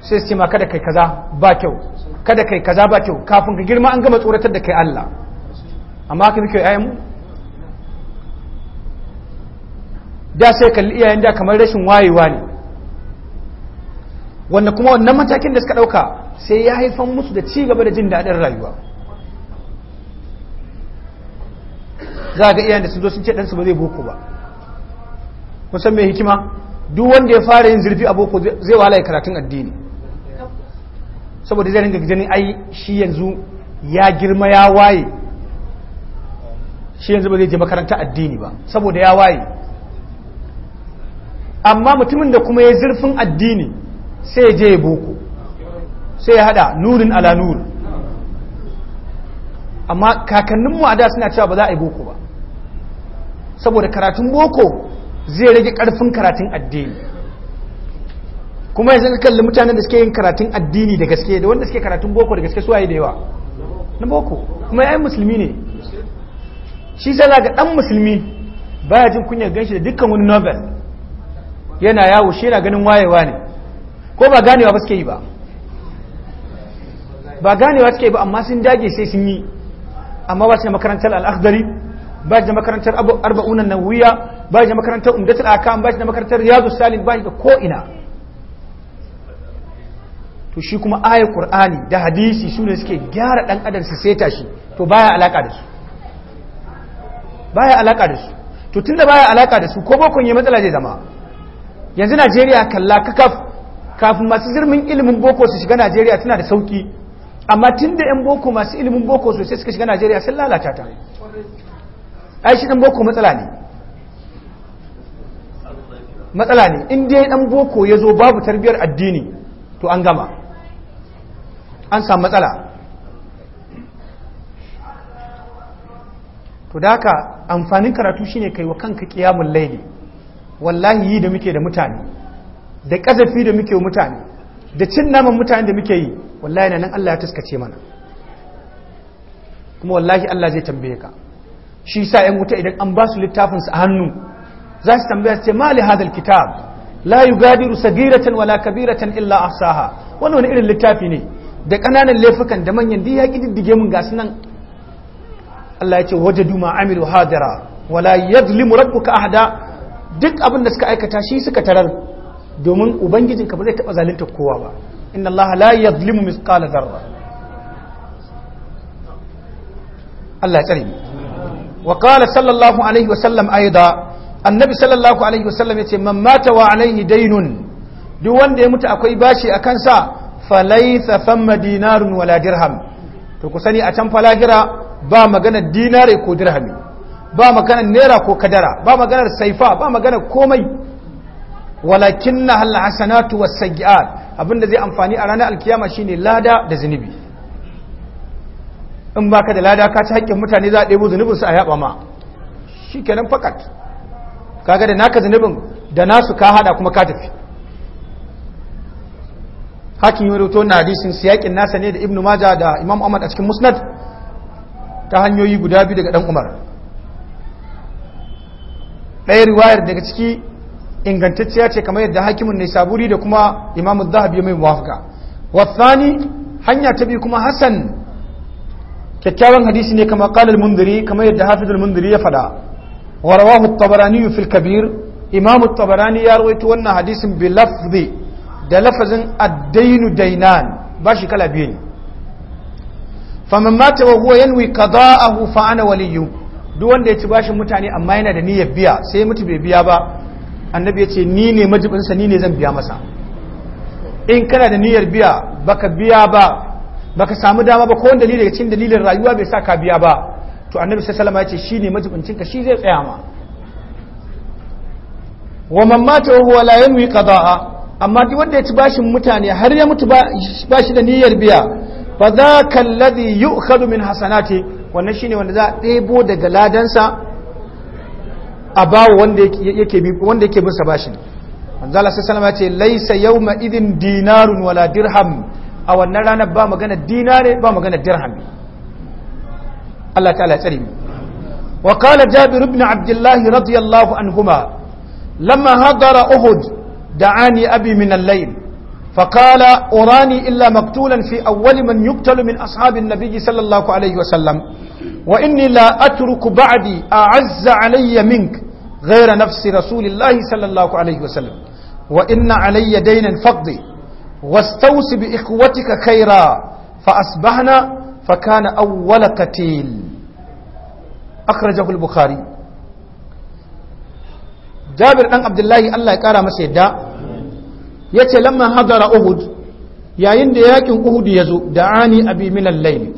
sai su ce ma kada kai kaza ba kyau kada kai kaza ba kyau kafin ka girma an gama tsoratar da kai Allah amma haka muke yayin mu da sai kalli iyayen da kamar rashin wayewa ne wanda kuma wannan matakin da suka dauka sai ya haifan musu da ci gaba da jin daɗin rayuwa za ga iyayen da sun zo sun ce ɗansu ba zai boko ba kusan mai hikima duk wanda ya fara yin zurfi a boko zai wahala karatun addini saboda zai ringa ganin ai shi yanzu ya girma ya waye shi yanzu ba zai je makaranta addini ba saboda ya waye amma mutumin da kuma ya zurfin addini sai ya je ya boko sai ya hada nurin ala nur amma kakanninmu a da suna cewa ba za a yi boko ba saboda karatun boko zai rage karfin karatun addini kuma yanzu ka kalli mutanen da suke yin karatun addini da gaske da wanda suke karatun boko da gaske suwaye da yawa na boko kuma yayan musulmi ne shi sai ga dan musulmi baya jin kunyar ganshi da dukkan wani nobel yana yawo shi yana ganin wayewa ne ko ba ganewa ba suke yi ba ba ganewa suke yi ba amma sun dage sai sun yi amma ba yi makarantar al'akhdari ba da makarantar arba'unan nawiya ba da makarantar umdatul akam ba da makarantar riyadus salim ba da ko ina to shi kuma aya qur'ani da hadisi sune suke gyara dan adam su seta shi to baya alaka da su baya alaka da su to tunda baya alaka da su ko bokon ya matsala zai zama yanzu Najeriya kalla kakaf kafin masu zirmin ilimin boko su shiga Najeriya tana da sauki amma tunda yan boko masu ilimin boko su sai suka shiga Najeriya sun lalata ta ai shi dan boko matsala ne matsala ne in dai dan boko ya zo babu tarbiyar addini to an gama an samu matsala to da ka amfanin karatu shine kai wa kanka kiyamun laili wallahi yi da muke da mutane da ƙazafi da muke mutane da cin naman mutane da muke yi wallahi nan Allah ya taskace mana kuma wallahi Allah zai tambaye ka shi sa yan wuta idan an ba su littafin su a hannu za su tambaya su ce ma li hadal kitab la yugadiru sagiratan wala kabiratan illa ahsaha wannan wani irin littafi ne da kananan laifukan da manyan duk ya diddige mun ga nan. Allah ya ce wajadu duma amilu hadira wala yadlimu rabbuka ahada duk abin da suka aikata shi suka tarar domin ubangijin ka ba zai taba zalunta kowa ba inna Allah la yadlimu mithqala dharra Allah ya tsare mu wa qala sallallahu alaihi wa sallam aida annabi sallallahu alaihi wa sallam yace man mata wa alaihi daynun duk wanda ya mutu akwai bashi akan sa falaisa samma dinarun wala dirham to ku sani a can falagira ba maganar dinare ko dirhami ba maganar naira ko kadara ba maganar saifa ba maganar komai walakin na hasanatu was sayyi'at abinda zai amfani a ranar alkiyama shine lada da zunubi in baka da lada ka ci haƙƙin mutane za a ɗebo su a yaba ma shikenan fakat kaga da naka zunubin da nasu ka hada kuma ka tafi hakim ya rubuto na hadisin siyakin nasa ne da ibnu maja da imam ahmad a cikin musnad ta hanyoyi guda biyu daga dan umar ɗaya riwayar daga ciki ingantacciya ce kamar yadda hakimin ne saburi da kuma imam zahabi ya mai muwafaka wasani hanya ta biyu kuma hassan kyakkyawan hadisi ne kama kalar mundiri kamar yadda hafizul mundiri ya faɗa warawahu tabarani fil kabir imamu tabarani ya rawaito wannan hadisin bi lafzi da lafazin addainu dainan ba shi kala biyu ne famin mata wa huwa yanwi qada'ahu fa ana waliyyu duk wanda ya ci bashin mutane amma yana da niyyar biya sai mutu bai biya ba annabi ya ce ni ne majibinsa ni ne zan biya masa in kana da niyyar biya baka biya ba baka samu dama ba ko wani dalili daga cikin dalilin rayuwa bai sa ka biya ba to annabi sai salama ya ce shi ne majibincinka shi zai tsaya ma wa man mata wa huwa la yanwi qada'a amma duk wanda ya ci bashin mutane har ya mutu bashi da niyyar biya fa za ka ladhi yu'khadhu min hasanati wannan shine wanda za a ɗebo daga ladansa a bawo wanda yake bi wanda yake bin sa bashin manzo Allah sallallahu alaihi wasallam ya ce laysa yawma idin dinarun wala dirham a wannan ranar ba magana dinare ba magana dirham Allah ta'ala ya tsare mu wa qala jabir ibn abdullah radiyallahu anhuma lamma hadara uhud دعاني أبي من الليل فقال أراني إلا مقتولا في أول من يقتل من أصحاب النبي صلى الله عليه وسلم وإني لا أترك بعدي أعز علي منك غير نفس رسول الله صلى الله عليه وسلم وإن علي دينا فقضي واستوس بإخوتك خيرا فأصبحنا فكان أول قتيل أخرجه البخاري جابر بن عبد الله الله يقرأ مسيدا yace ce lamma hadara uhud yayin da yakin uhud ya zo da ani abi minan laili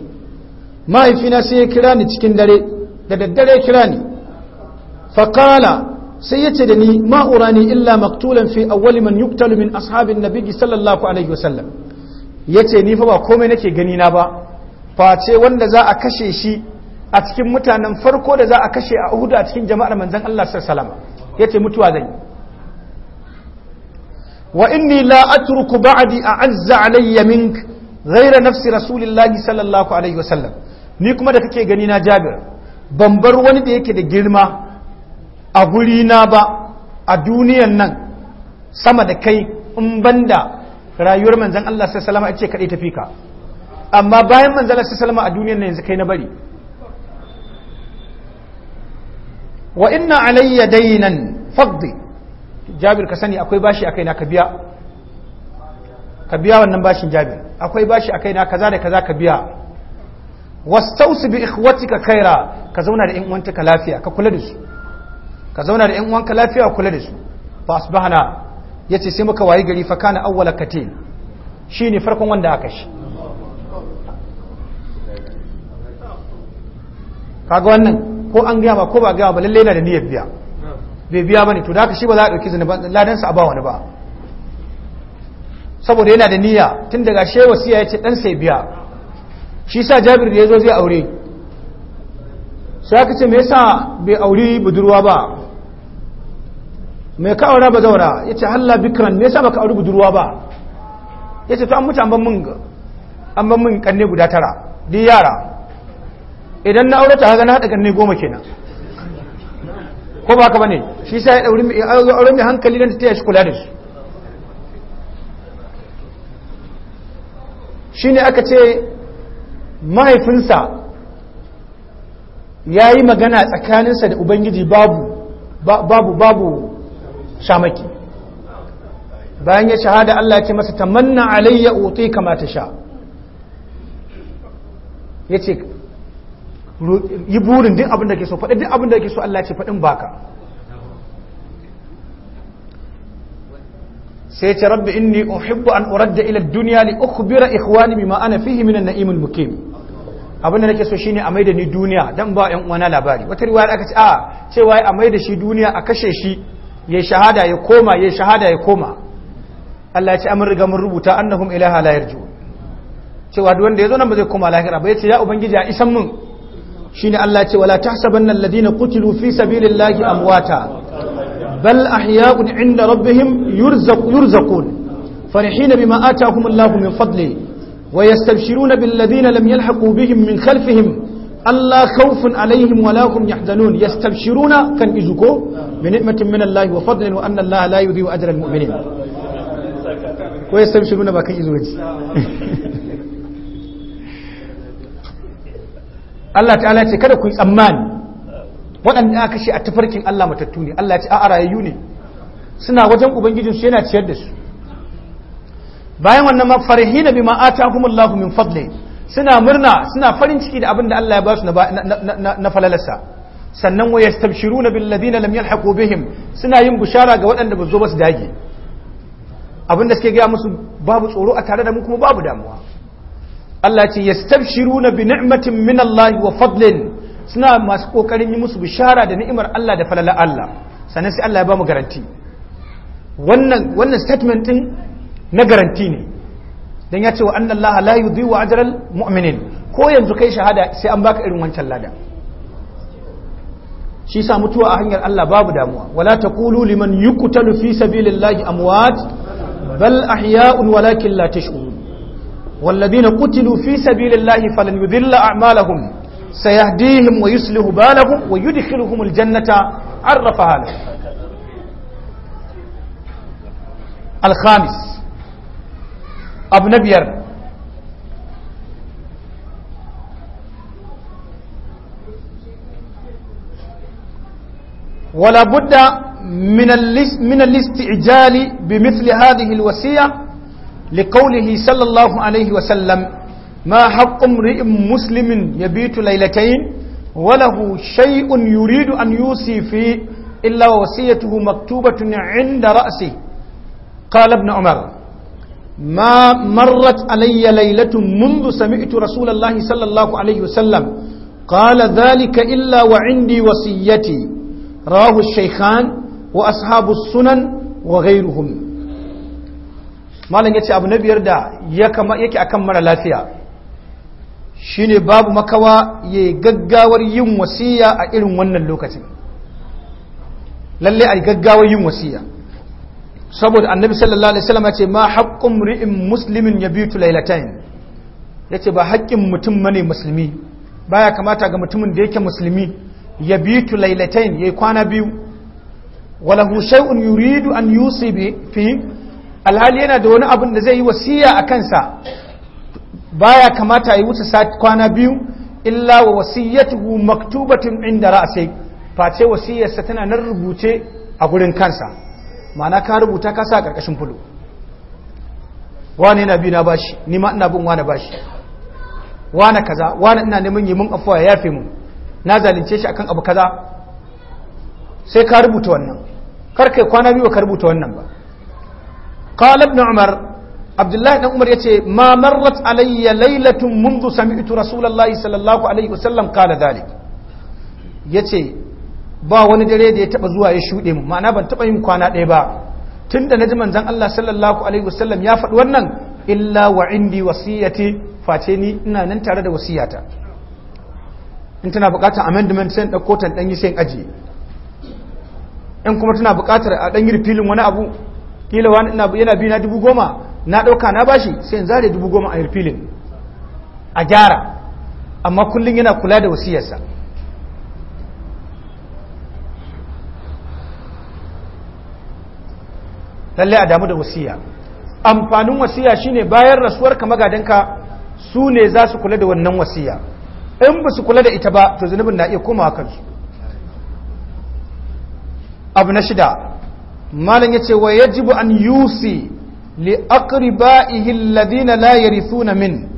mahaifina sai ya kira ni cikin dare da daddare kira ni faƙala sai yace ce da ni ma'urani illa maktulan fi awwali man yuktalu min ashabin nabi sallallahu alaihi wasallam ya ce ni fa ba komai nake gani na ba face wanda za a kashe shi a cikin mutanen farko da za a kashe a uhudu a cikin jama'ar manzan Allah sallallahu alaihi wasallam ya mutuwa zai وإني لا أترك بعدي أعز علي منك غير نفس رسول الله sallallahu الله wa sallam ni kuma da kake gani na jabir ban bar wani da yake da girma a gurina ba a duniyan nan sama da kai in banda rayuwar manzan Allah sai salama a ce kaɗai tafi ka amma bayan manzan Allah sai salama a duniyan nan yanzu kai na bari wa inna alayya dainan faddi jabir ka sani akwai bashi a kaina ka biya ka biya wannan bashin jabir akwai bashi a kaina kaza da kaza ka biya wastausu bi ikhwatika khaira ka zauna da ƴan uwanka ka lafiya ka kula da su ka zauna da ƴan uwanka lafiya ka kula da su fa asbahana yace sai muka wayi gari fa kana awwala katin shine farkon wanda aka shi kaga wannan ko an gaya ba ko ba gaya ba lalle yana da niyyar biya bai biya ba ne to da aka shi ba za a ɗauki zunuban ladan sa a ba wani ba saboda yana da niyya tun daga shi wasiya ya ce dan sai biya shi sa Jabir da zo zai aure sai aka ce me yasa bai aure budurwa ba mai ka aura ba zaura yace halla me yasa ba auri budurwa ba yace to an mutu an ban mun kanne guda tara di yara idan na aure ta har na haɗa kanne goma kenan ko ba ka bane shi sa ya dauri mai hankali dan ta shi kula da shi ne aka ce mahaifinsa ya yi magana tsakaninsa da ubangiji babu babu babu shamaki bayan ya shahada Allah ce masa tamanna alayya uti kama ta sha yace yi burin duk abin da ke so faɗi duk abin da ke so Allah ce faɗin baka sai ce rabbi inni uhibbu an uradda ila dunya li ukhbira ikhwani bima ana fihi min an-na'im al-muqim abin da nake so shine a maida ni duniya dan ba ƴan uwana labari wata riwaya aka ce a cewa a maida shi duniya a kashe shi yayi shahada ya koma yayi shahada ya koma Allah ya ce amin riga mun rubuta annahum ilaha la yarju cewa duk wanda yazo nan ba zai koma lahira ba yace ya ubangiji a isan mun shine Allah ce wala tahsabanna alladhina qutilu fi sabilillahi amwata bal ahya'un 'inda rabbihim yurzaq yurzaqun farihina bima ataahum Allahu min fadli wa yastabshiruna bil ladina lam yalhaqu bihim min khalfihim Allah khawfun 'alayhim wa la hum yahzanun yastabshiruna kan izuko bi ni'matin min Allah wa fadlin wa anna Allaha la yudhi'u ajra al mu'minin ko yastabshiruna ba kan izuwaji Allah ta'ala ce kada ku yi tsammani waɗanda aka kashe a tafarkin Allah matattu ne Allah ya ce a rayayyu ne suna wajen ubangijin su yana ciyar da su bayan wannan ma farihina bima atahumullahu min fadli suna murna suna farin ciki da abin da Allah ya ba su na falalasa sannan wa yastabshiruna bil ladina lam yalhaqu bihim suna yin bushara ga waɗanda ba zo ba su dage abin da suke gaya musu babu tsoro a tare da mu kuma babu damuwa Allah ce na bi ni'matin min Allah wa fadlin suna masu kokarin yi musu bishara da ni'imar Allah da falala Allah sannan sai Allah ya ba mu garanti wannan wannan statement din na garanti ne dan ya ce wa anna Allah la yudhi'u ajral mu'minin ko yanzu kai shahada sai an baka irin wancan lada shi sa mutuwa a hanyar Allah babu damuwa wala taqulu liman yuqtalu fi sabilillahi amwat bal ahya'un walakin la tash'urun والذين قتلوا في سبيل الله فلن يذل أعمالهم سيهديهم ويسله بالهم ويدخلهم الجنة عرفها لهم الخامس أبو نبير ولا بد من الاستعجال بمثل هذه الوصيه لقوله صلى الله عليه وسلم ما حق امرئ مسلم يبيت ليلتين وله شيء يريد أن يوصي فيه إلا وصيته مكتوبة عند رأسه قال ابن عمر ما مرت علي ليلة منذ سمعت رسول الله صلى الله عليه وسلم قال ذلك إلا وعندي وصيتي راه الشيخان وأصحاب السنن وغيرهم malam ya ce abu na biyar da yake akan mara lafiya ne babu makawa ya gaggawar yin wasiya a irin wannan lokacin lalle a gaggawar yin wasiya saboda annabi sallallahu alaihi wasallam ya ce ma haƙƙun ri'in muslimin tulailatain ya ce ba haƙƙin mutum bane musulmi baya kamata ga mutumin da yake musulmi ya tulailatain ya yayi kwana biyu walahu shai'un yuridu an yusi fi alhali yana da wani abin da zai yi wasiya a kansa baya kamata yi wuce kwana biyu illa wa wasiyyatuhu maktubatin inda ra'sai face wasiyarsa tana nan rubuce a gurin kansa ma'ana ka rubuta ka sa karkashin fulo wani yana biyu na bashi ni ma ina bin wani bashi wani kaza wani ina neman yi mun afuwa ya yafe mu na zalunce shi akan abu kaza sai ka rubuta wannan karkai kwana biyu ka rubuta wannan ba qala ibn umar abdullahi dan umar yace ma marrat alayya laylatun منذ sami'tu rasulullahi sallallahu alaihi wasallam qala dalik yace ba wani dare da ya taba zuwa ya shuɗe mu ma'ana ban taba yin kwana ɗaya ba tunda naji manzon Allah sallallahu alaihi wasallam ya faɗi wannan illa wa indi wasiyati face ni ina nan tare da wasiyata in tana buƙatar amendment sai kotan tan yi sai ajiye in kuma tana buƙatar a yi filin wani abu kila wani yana bi na dubu goma na ɗauka na bashi sai in zare dubu goma a irfilin a gyara amma kullum yana kula da wasiyarsa lalle a damu da wasiya amfanin wasiya shine bayan rasuwar ka magadanka su ne za su kula da wannan wasiya in ba su kula da ita ba to zunubin na iya komawa kansu abu na shida malam yace wa yajibu an yusi li aqribaihi alladhina la yarithuna min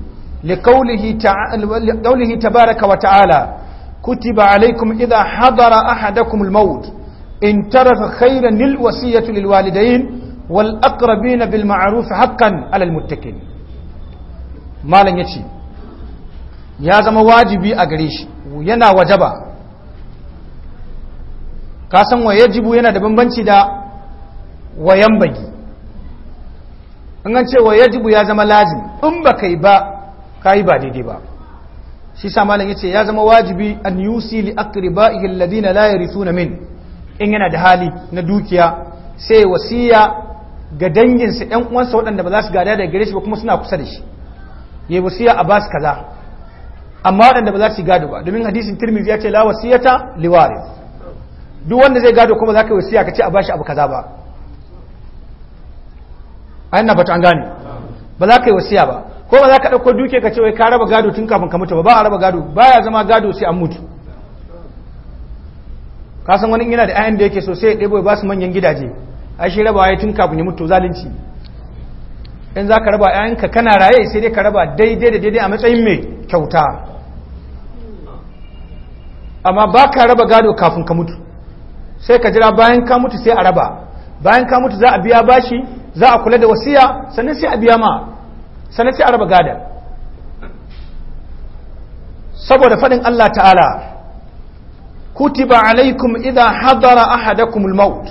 liqawlihi ta'ala liqawlihi wa ta'ala kutiba alaikum idha hadara ahadakum almaut in taraka khayran lilwasiyati lilwalidayn والأقربين بالمعروف حقا على المتقين malam ya ce ya zama wajibi a gare shi yana wajaba kasan wa yajibu yana da bambanci da wa yambagi in an ce wa yajibu ya zama lajin in ba kai ba ka yi ba daidai ba shi sa malam ce ya zama wajibi an yusi li aqribaihi na layari suna min in yana da hali na dukiya sai wasiya ga danginsa 'yan uwansa waɗanda ba za su gada da gare shi ba kuma suna kusa da shi ya yi wasiya a ba su kaza amma waɗanda ba za su gado ba domin hadisin tirmidhi ya ce la wasiyata liwaris duk wanda zai gado kuma za ka wasiya ka ce a ba bashi abu kaza ba ayan na bata an gane ba za ka yi wasiya ba ko ba za ka ɗauko duke ka ce wai ka raba gado tun kafin ka mutu ba ba a raba gado ba ya zama gado sai an mutu kasan san wani yana da ayan da yake so sai ya ɗebo ba su manyan gidaje ai shi raba ya tun kafin ya mutu zalunci in za ka raba ka kana raye sai dai ka raba daidai da daidai a matsayin mai kyauta amma ba ka raba gado kafin ka mutu sai ka jira bayan ka mutu sai a raba bayan ka mutu za a biya bashi za a kula da wasiya sannan sai a biya ma sannan sai a raba gadar saboda faɗin Allah ta'ala kutiba alaikum idan hadara ahadakum al-maut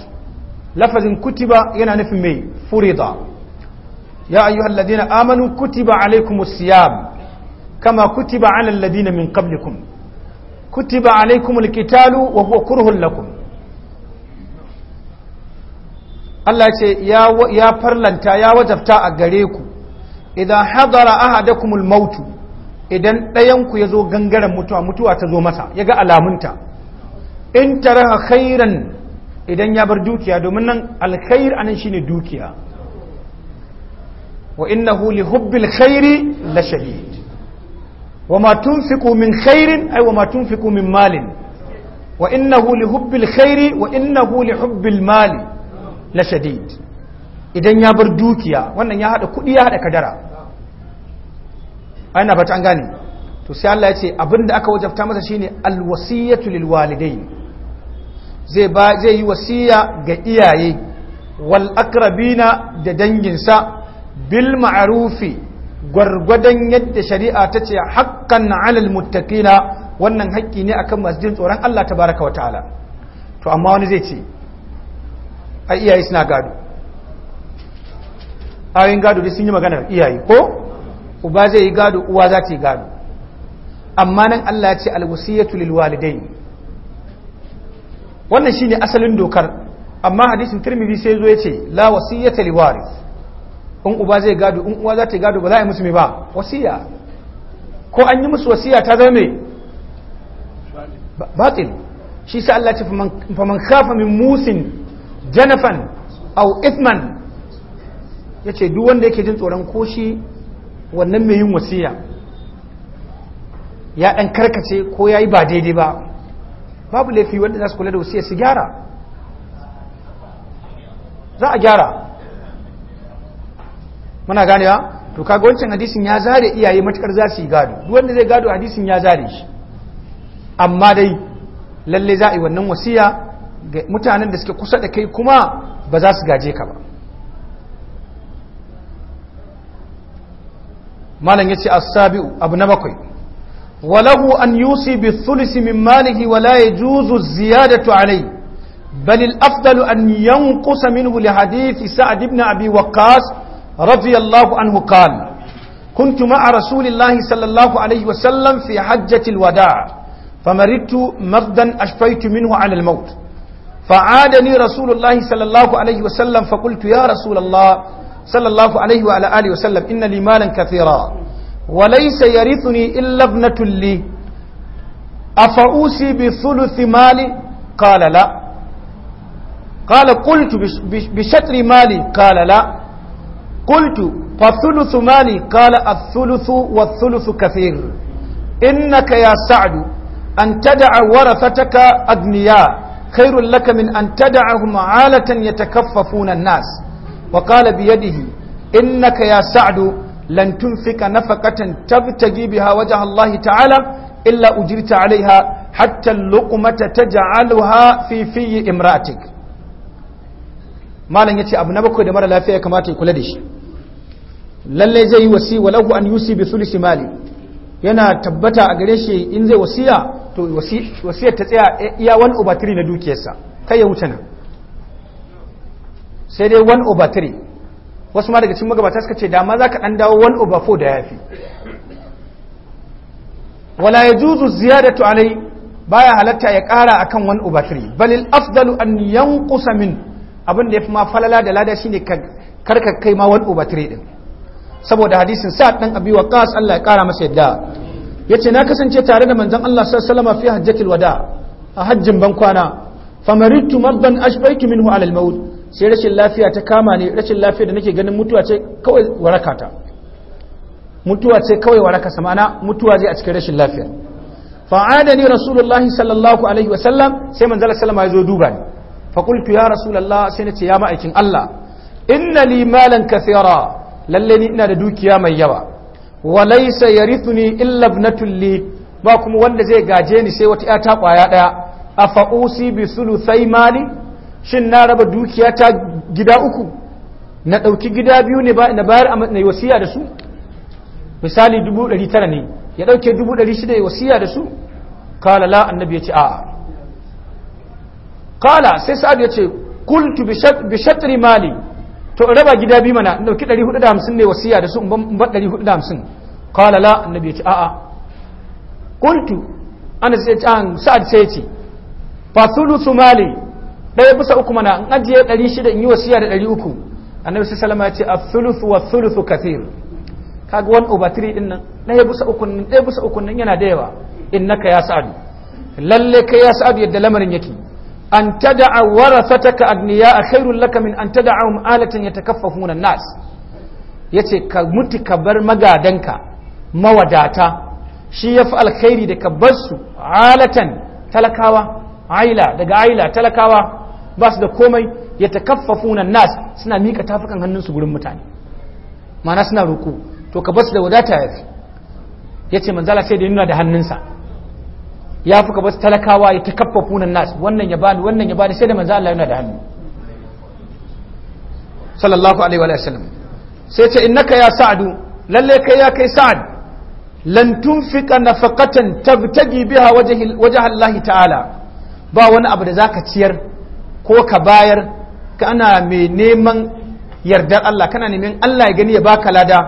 lafazin kutiba yana nufin mai furida ya ayyuhal ladina amanu kutiba alaikum siyam kama kutiba ala alladina min qablikum kutiba alaikum al-qitalu wa huwa kurhun lakum Allah ce ya farlanta ya wajabta a gare ku idan hadara ahadakumul mautu idan ɗayanku ya zo gangaren mutuwa mutuwa ta zo masa ya ga alamunta in taraha khairan idan ya bar dukiya domin nan alkhair anan shine dukiya wa innahu li hubbil khairi la shadid wa ma tunfiqu min khairin ay wa ma tunfiqu min malin wa innahu li hubbil khairi wa innahu li hubbil mali na shadid idan ya bar dukiya wannan ya haɗa kuɗi ya haɗa kadara ana fata an gane to sai Allah ya ce abinda aka wajabta masa shine alwasiyatu lil walidai zai ba zai yi wasiya ga iyaye wal aqrabina da danginsa bil ma'rufi gwargwadon yadda shari'a ta ce haqqan 'alal muttaqina wannan haƙƙi ne akan masu jin tsoron Allah tabaraka wa ta'ala to amma wani zai ce a iyaye suna gado ayin gado da sun yi maganar iyaye ko uba zai yi gado uwa za ta yi gado amma nan Allah ya ce alwasiyatu lil walidain wannan shine asalin dokar amma hadisin tirmidhi sai zo yace la wasiyata li waris in uba zai gado in uwa za ta yi gado ba za a yi musu me ba wasiya ko an yi musu wasiya ta zama me batil shi sa Allah ce faman khafa min musin janafan au isman ya ce duk wanda yake jin tsoron koshi wannan mai yin wasiya ya ɗan karkace ko ya yi ba daidai ba babu laifi wanda za su kula da wasiya su gyara za a gyara muna ganewa to kaga wancan hadisin ya zare iyaye matukar za su yi gado duk wanda zai gado hadisin ya zare shi amma dai lalle za a yi wannan wasiya mutanen da suke kusa da kai kuma ba za su gaje ka ba malam yace as-sabi'u abu na bakwai walahu an yusi bi thulusi min malihi wa la yajuzu ziyadatu alayhi bal al-afdalu an yanqusa minhu li hadithi sa'd ibn abi waqqas radiyallahu anhu qala كنت مع رسول الله صلى الله عليه وسلم في حجة الوداع فمرضت مرضا أشفيت منه على الموت فعادني رسول الله صلى الله عليه وسلم فقلت يا رسول الله صلى الله عليه وعلى آله وسلم إن لي مالا كثيرا وليس يرثني إلا ابنة لي أفأوسي بثلث مالي قال لا قال قلت بشتر مالي قال لا قلت فثلث مالي قال الثلث والثلث كثير إنك يا سعد أن تدع ورثتك أغنياء khairul laka min an ya ta yatakaffafuna an-nas waƙala qala bi yadihi innaka ya sa'du lan tunfika nafaqatan tabtagi biha wajha Allah ta'ala illa ujirta 'alayha hatta al ta taj'alha fi fi imratik malam yace abu na bakwai da mara lafiya ya kamata ya kula da shi lallai zai yi wasi walahu an yusi bi thuluthi mali yana tabbata a gare shi in zai wasiya to wasiyar ta tsaya iya 1 over 3 na dukiyarsa kai ya wuce nan sai dai 1 over 3 wasu ma daga cikin magabata suka ce dama za ka ɗan dawo 1 over 4 da ya fi wala ya juzu ziyadatu alai ya halatta ya kara a kan 1 over 3 balil afdalu an yankusa min abin da ya fi ma falala da lada shine karka kai ma 1 over 3 din saboda hadisin sa ɗan abi waqas Allah ya ƙara masa yadda yace na kasance tare da manzan Allah sallallahu alaihi fi hajjatil wada a hajjin bankwana. kwana famaritu mardan ashbaitu minhu ala al-maut sai rashin lafiya ta kama ne rashin lafiya da nake ganin mutuwa ce kawai waraka ta mutuwa ce kawai waraka samana mutuwa zai a cikin rashin lafiya fa'adani rasulullahi sallallahu alaihi wa sallam sai manzon sallama ya zo duba ni fa qultu ya rasulullah sai nace ya ma'aikin Allah inna li malan kathira lalle ni ina da dukiya mai yawa wa laysa yarithuni illa ibnatul li ba kuma wanda zai gaje ni sai wata ta kwaya daya afa usi bi sulusai mali shin na raba dukiya ta gida uku na dauki gida biyu ne ba na bayar a na wasiya da su misali tara ne ya dauke shida ya wasiya da su kala la annabi ya ce a'a kala sai sa'ad ya ce kultu bi shatri mali to raba gida biyu mana in dauki 450 ne wasiya da su in ban 450 qala la annabi ya ce a'a qultu ana sai ta an sa'ad sai ce fa thuluthu mali daya bisa uku mana in ajiye 600 in yi wasiya da 300 annabi sai salama ya ce as thuluthu wa thuluthu kathir kaga wan over din nan daya bisa uku nan bisa uku nan yana da yawa innaka ya sa'ad lalle kai ya sa'ad yadda lamarin yake an tada'a warasataka agniya khairul laka min an tada'ahum alatan yatakaffafuna nas yace ka mutu ka bar magadanka mawadata shi yafi alkhairi da ka bar su alatan talakawa aila daga aila talakawa ba su da komai ya yatakaffafuna nas suna mika tafukan hannunsu gurin mutane Mana suna ruku to ka bar su da wadata yafi ce manzala sai da nuna da hannunsa ya fi ka talakawa ya ta kafa funan nas wannan ya bani wannan ya bani sai da manzo Allah yana da hannu sallallahu alaihi wa sallam sai ce innaka ya sa'adu lalle kai ya kai sa'ad lan tunfika nafaqatan tabtagi biha wajha Allah ta'ala ba wani abu da zaka ciyar ko ka bayar kana mai neman yardar Allah kana neman Allah ya gani ya baka lada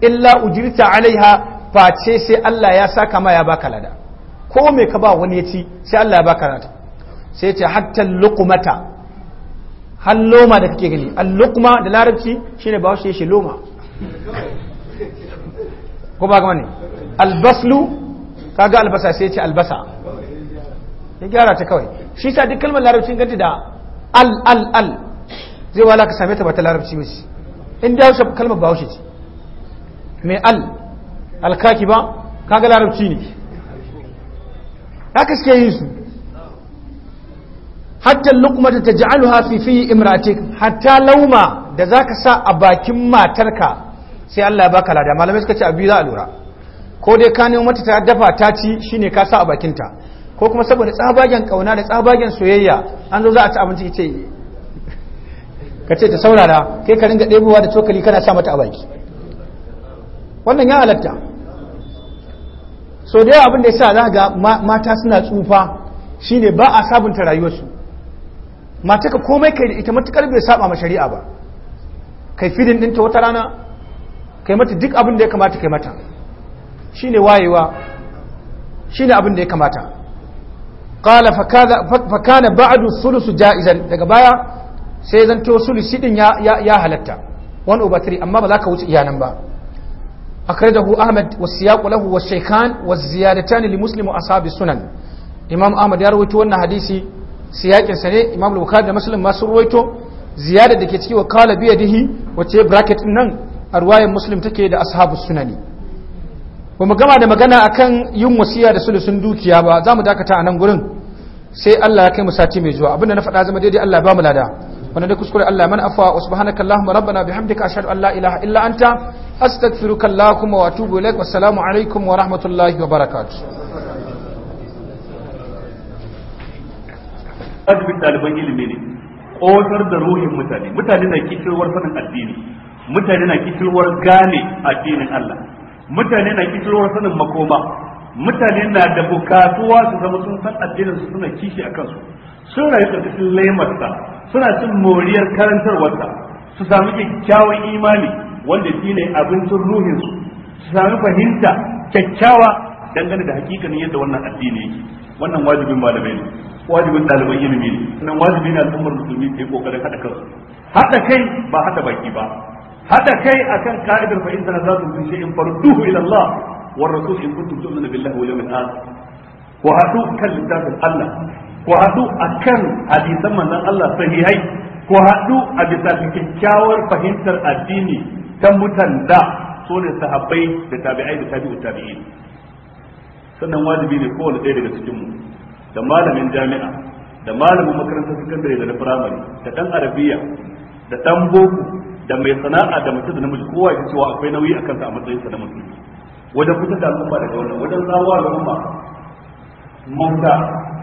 illa ujirta alaiha face sai Allah ya saka ma ya baka lada ko me ka ba wani ya ci sai Allah ya baka rata sai ce hatta luqmata har loma da kake gani al luqma da larabci shine ba shi shi loma ko ba gama al baslu kaga albasa sai ce albasa ya gyara ta kawai shi sa duk kalmar larabcin ganti da al al al zai wala ka same ta ba ta larabci ba in da kalmar ba ce mai al alkaki ba kaga larabci ne haka suke yin su hatta ta ji'alu hafi fi imratik hatta lauma da zaka sa a bakin matarka sai Allah ya baka lada malamai suka ce abu za a lura ko dai ka nemo mata ta dafa ta ci shine ka sa a bakinta ko kuma saboda tsabagen kauna da tsabagen soyayya an zo za a ci abinci ce ka ce ta saurara kai ka ringa ɗebowa da cokali kana sa mata a baki wannan ya halatta so da yawa abin da sa za ga mata suna tsufa shine ba a sabunta rayuwarsu mata ka komai kai da ita matukar bai saba ma shari'a ba kai fidin dinta wata rana kai mata duk abin da ya kamata kai mata shine wayewa shine abin da ya kamata qala fa kana ba'du ja ja'izan daga baya sai zanto sulusi din ya halatta 1 over 3 amma ba za ka wuce iyanan ba akhrajahu ahmad wa siyaqu lahu wa shaykhan wa ziyadatan li muslim wa sunan imam ahmad ya rawaito wannan hadisi siyakin sa ne imam bukhari da muslim ma sun rawaito ziyada dake ciki wa qala bi yadihi wace bracket nan a ruwayan ta ke da ashabu sunani ba mu gama da magana akan yin wasiya da sulusun dukiya ba za mu dakata a nan gurin sai Allah ya kai mu sati mai zuwa abinda na faɗa zama daidai Allah ba lada wannan da kuskure Allah man afwa wa subhanaka allahumma rabbana bihamdika ashhadu an la ilaha illa anta astaghfiruka allahumma wa atubu ilaik alaikum wa rahmatullahi wa barakatuh ilimi ne ƙosar da ruhin mutane mutane na kishirwar sanin addini mutane na kishirwar gane addinin Allah mutane na kishirwar sanin makoma mutane na da bukatuwa su zama sun san addinin su suna kishi a kansu sun rayu ƙarƙashin laimarsa suna cin moriyar karantarwarta su sami kyakkyawan imani wanda shi ne abincin ruhinsu su sami fahimta kyakkyawa dangane da hakikanin yadda wannan addini yake wannan wajibin malamai ne wajibin ɗaliban ilimi ne wannan wajibi ne al'ummar musulmi ke yi kokarin haɗa kansu haɗa kai ba haɗa baki ba haɗa kai akan ka'idar fa inna za tu bi in farduhu ila Allah wa rasul in kuntum tu'minuna billahi wal yawmil akhir wa haɗu kan littafin Allah ku haɗu a kan hadisan manzon Allah sahihai ku haɗu a bisa kyakkyawar fahimtar addini ta mutan da so ne sahabbai da tabi'ai da tabi'u tabi'in sannan wajibi ne kowane ɗaya daga cikin mu da malamin jami'a da malamin makarantar sakandare da na firamare da ɗan arabiya da ɗan boko da mai sana'a da mutum da namiji kowa ya cewa akwai nauyi a kansa a matsayinsa na mutum wajen fitar da al'umma daga wannan wajen tsawa al'umma mafita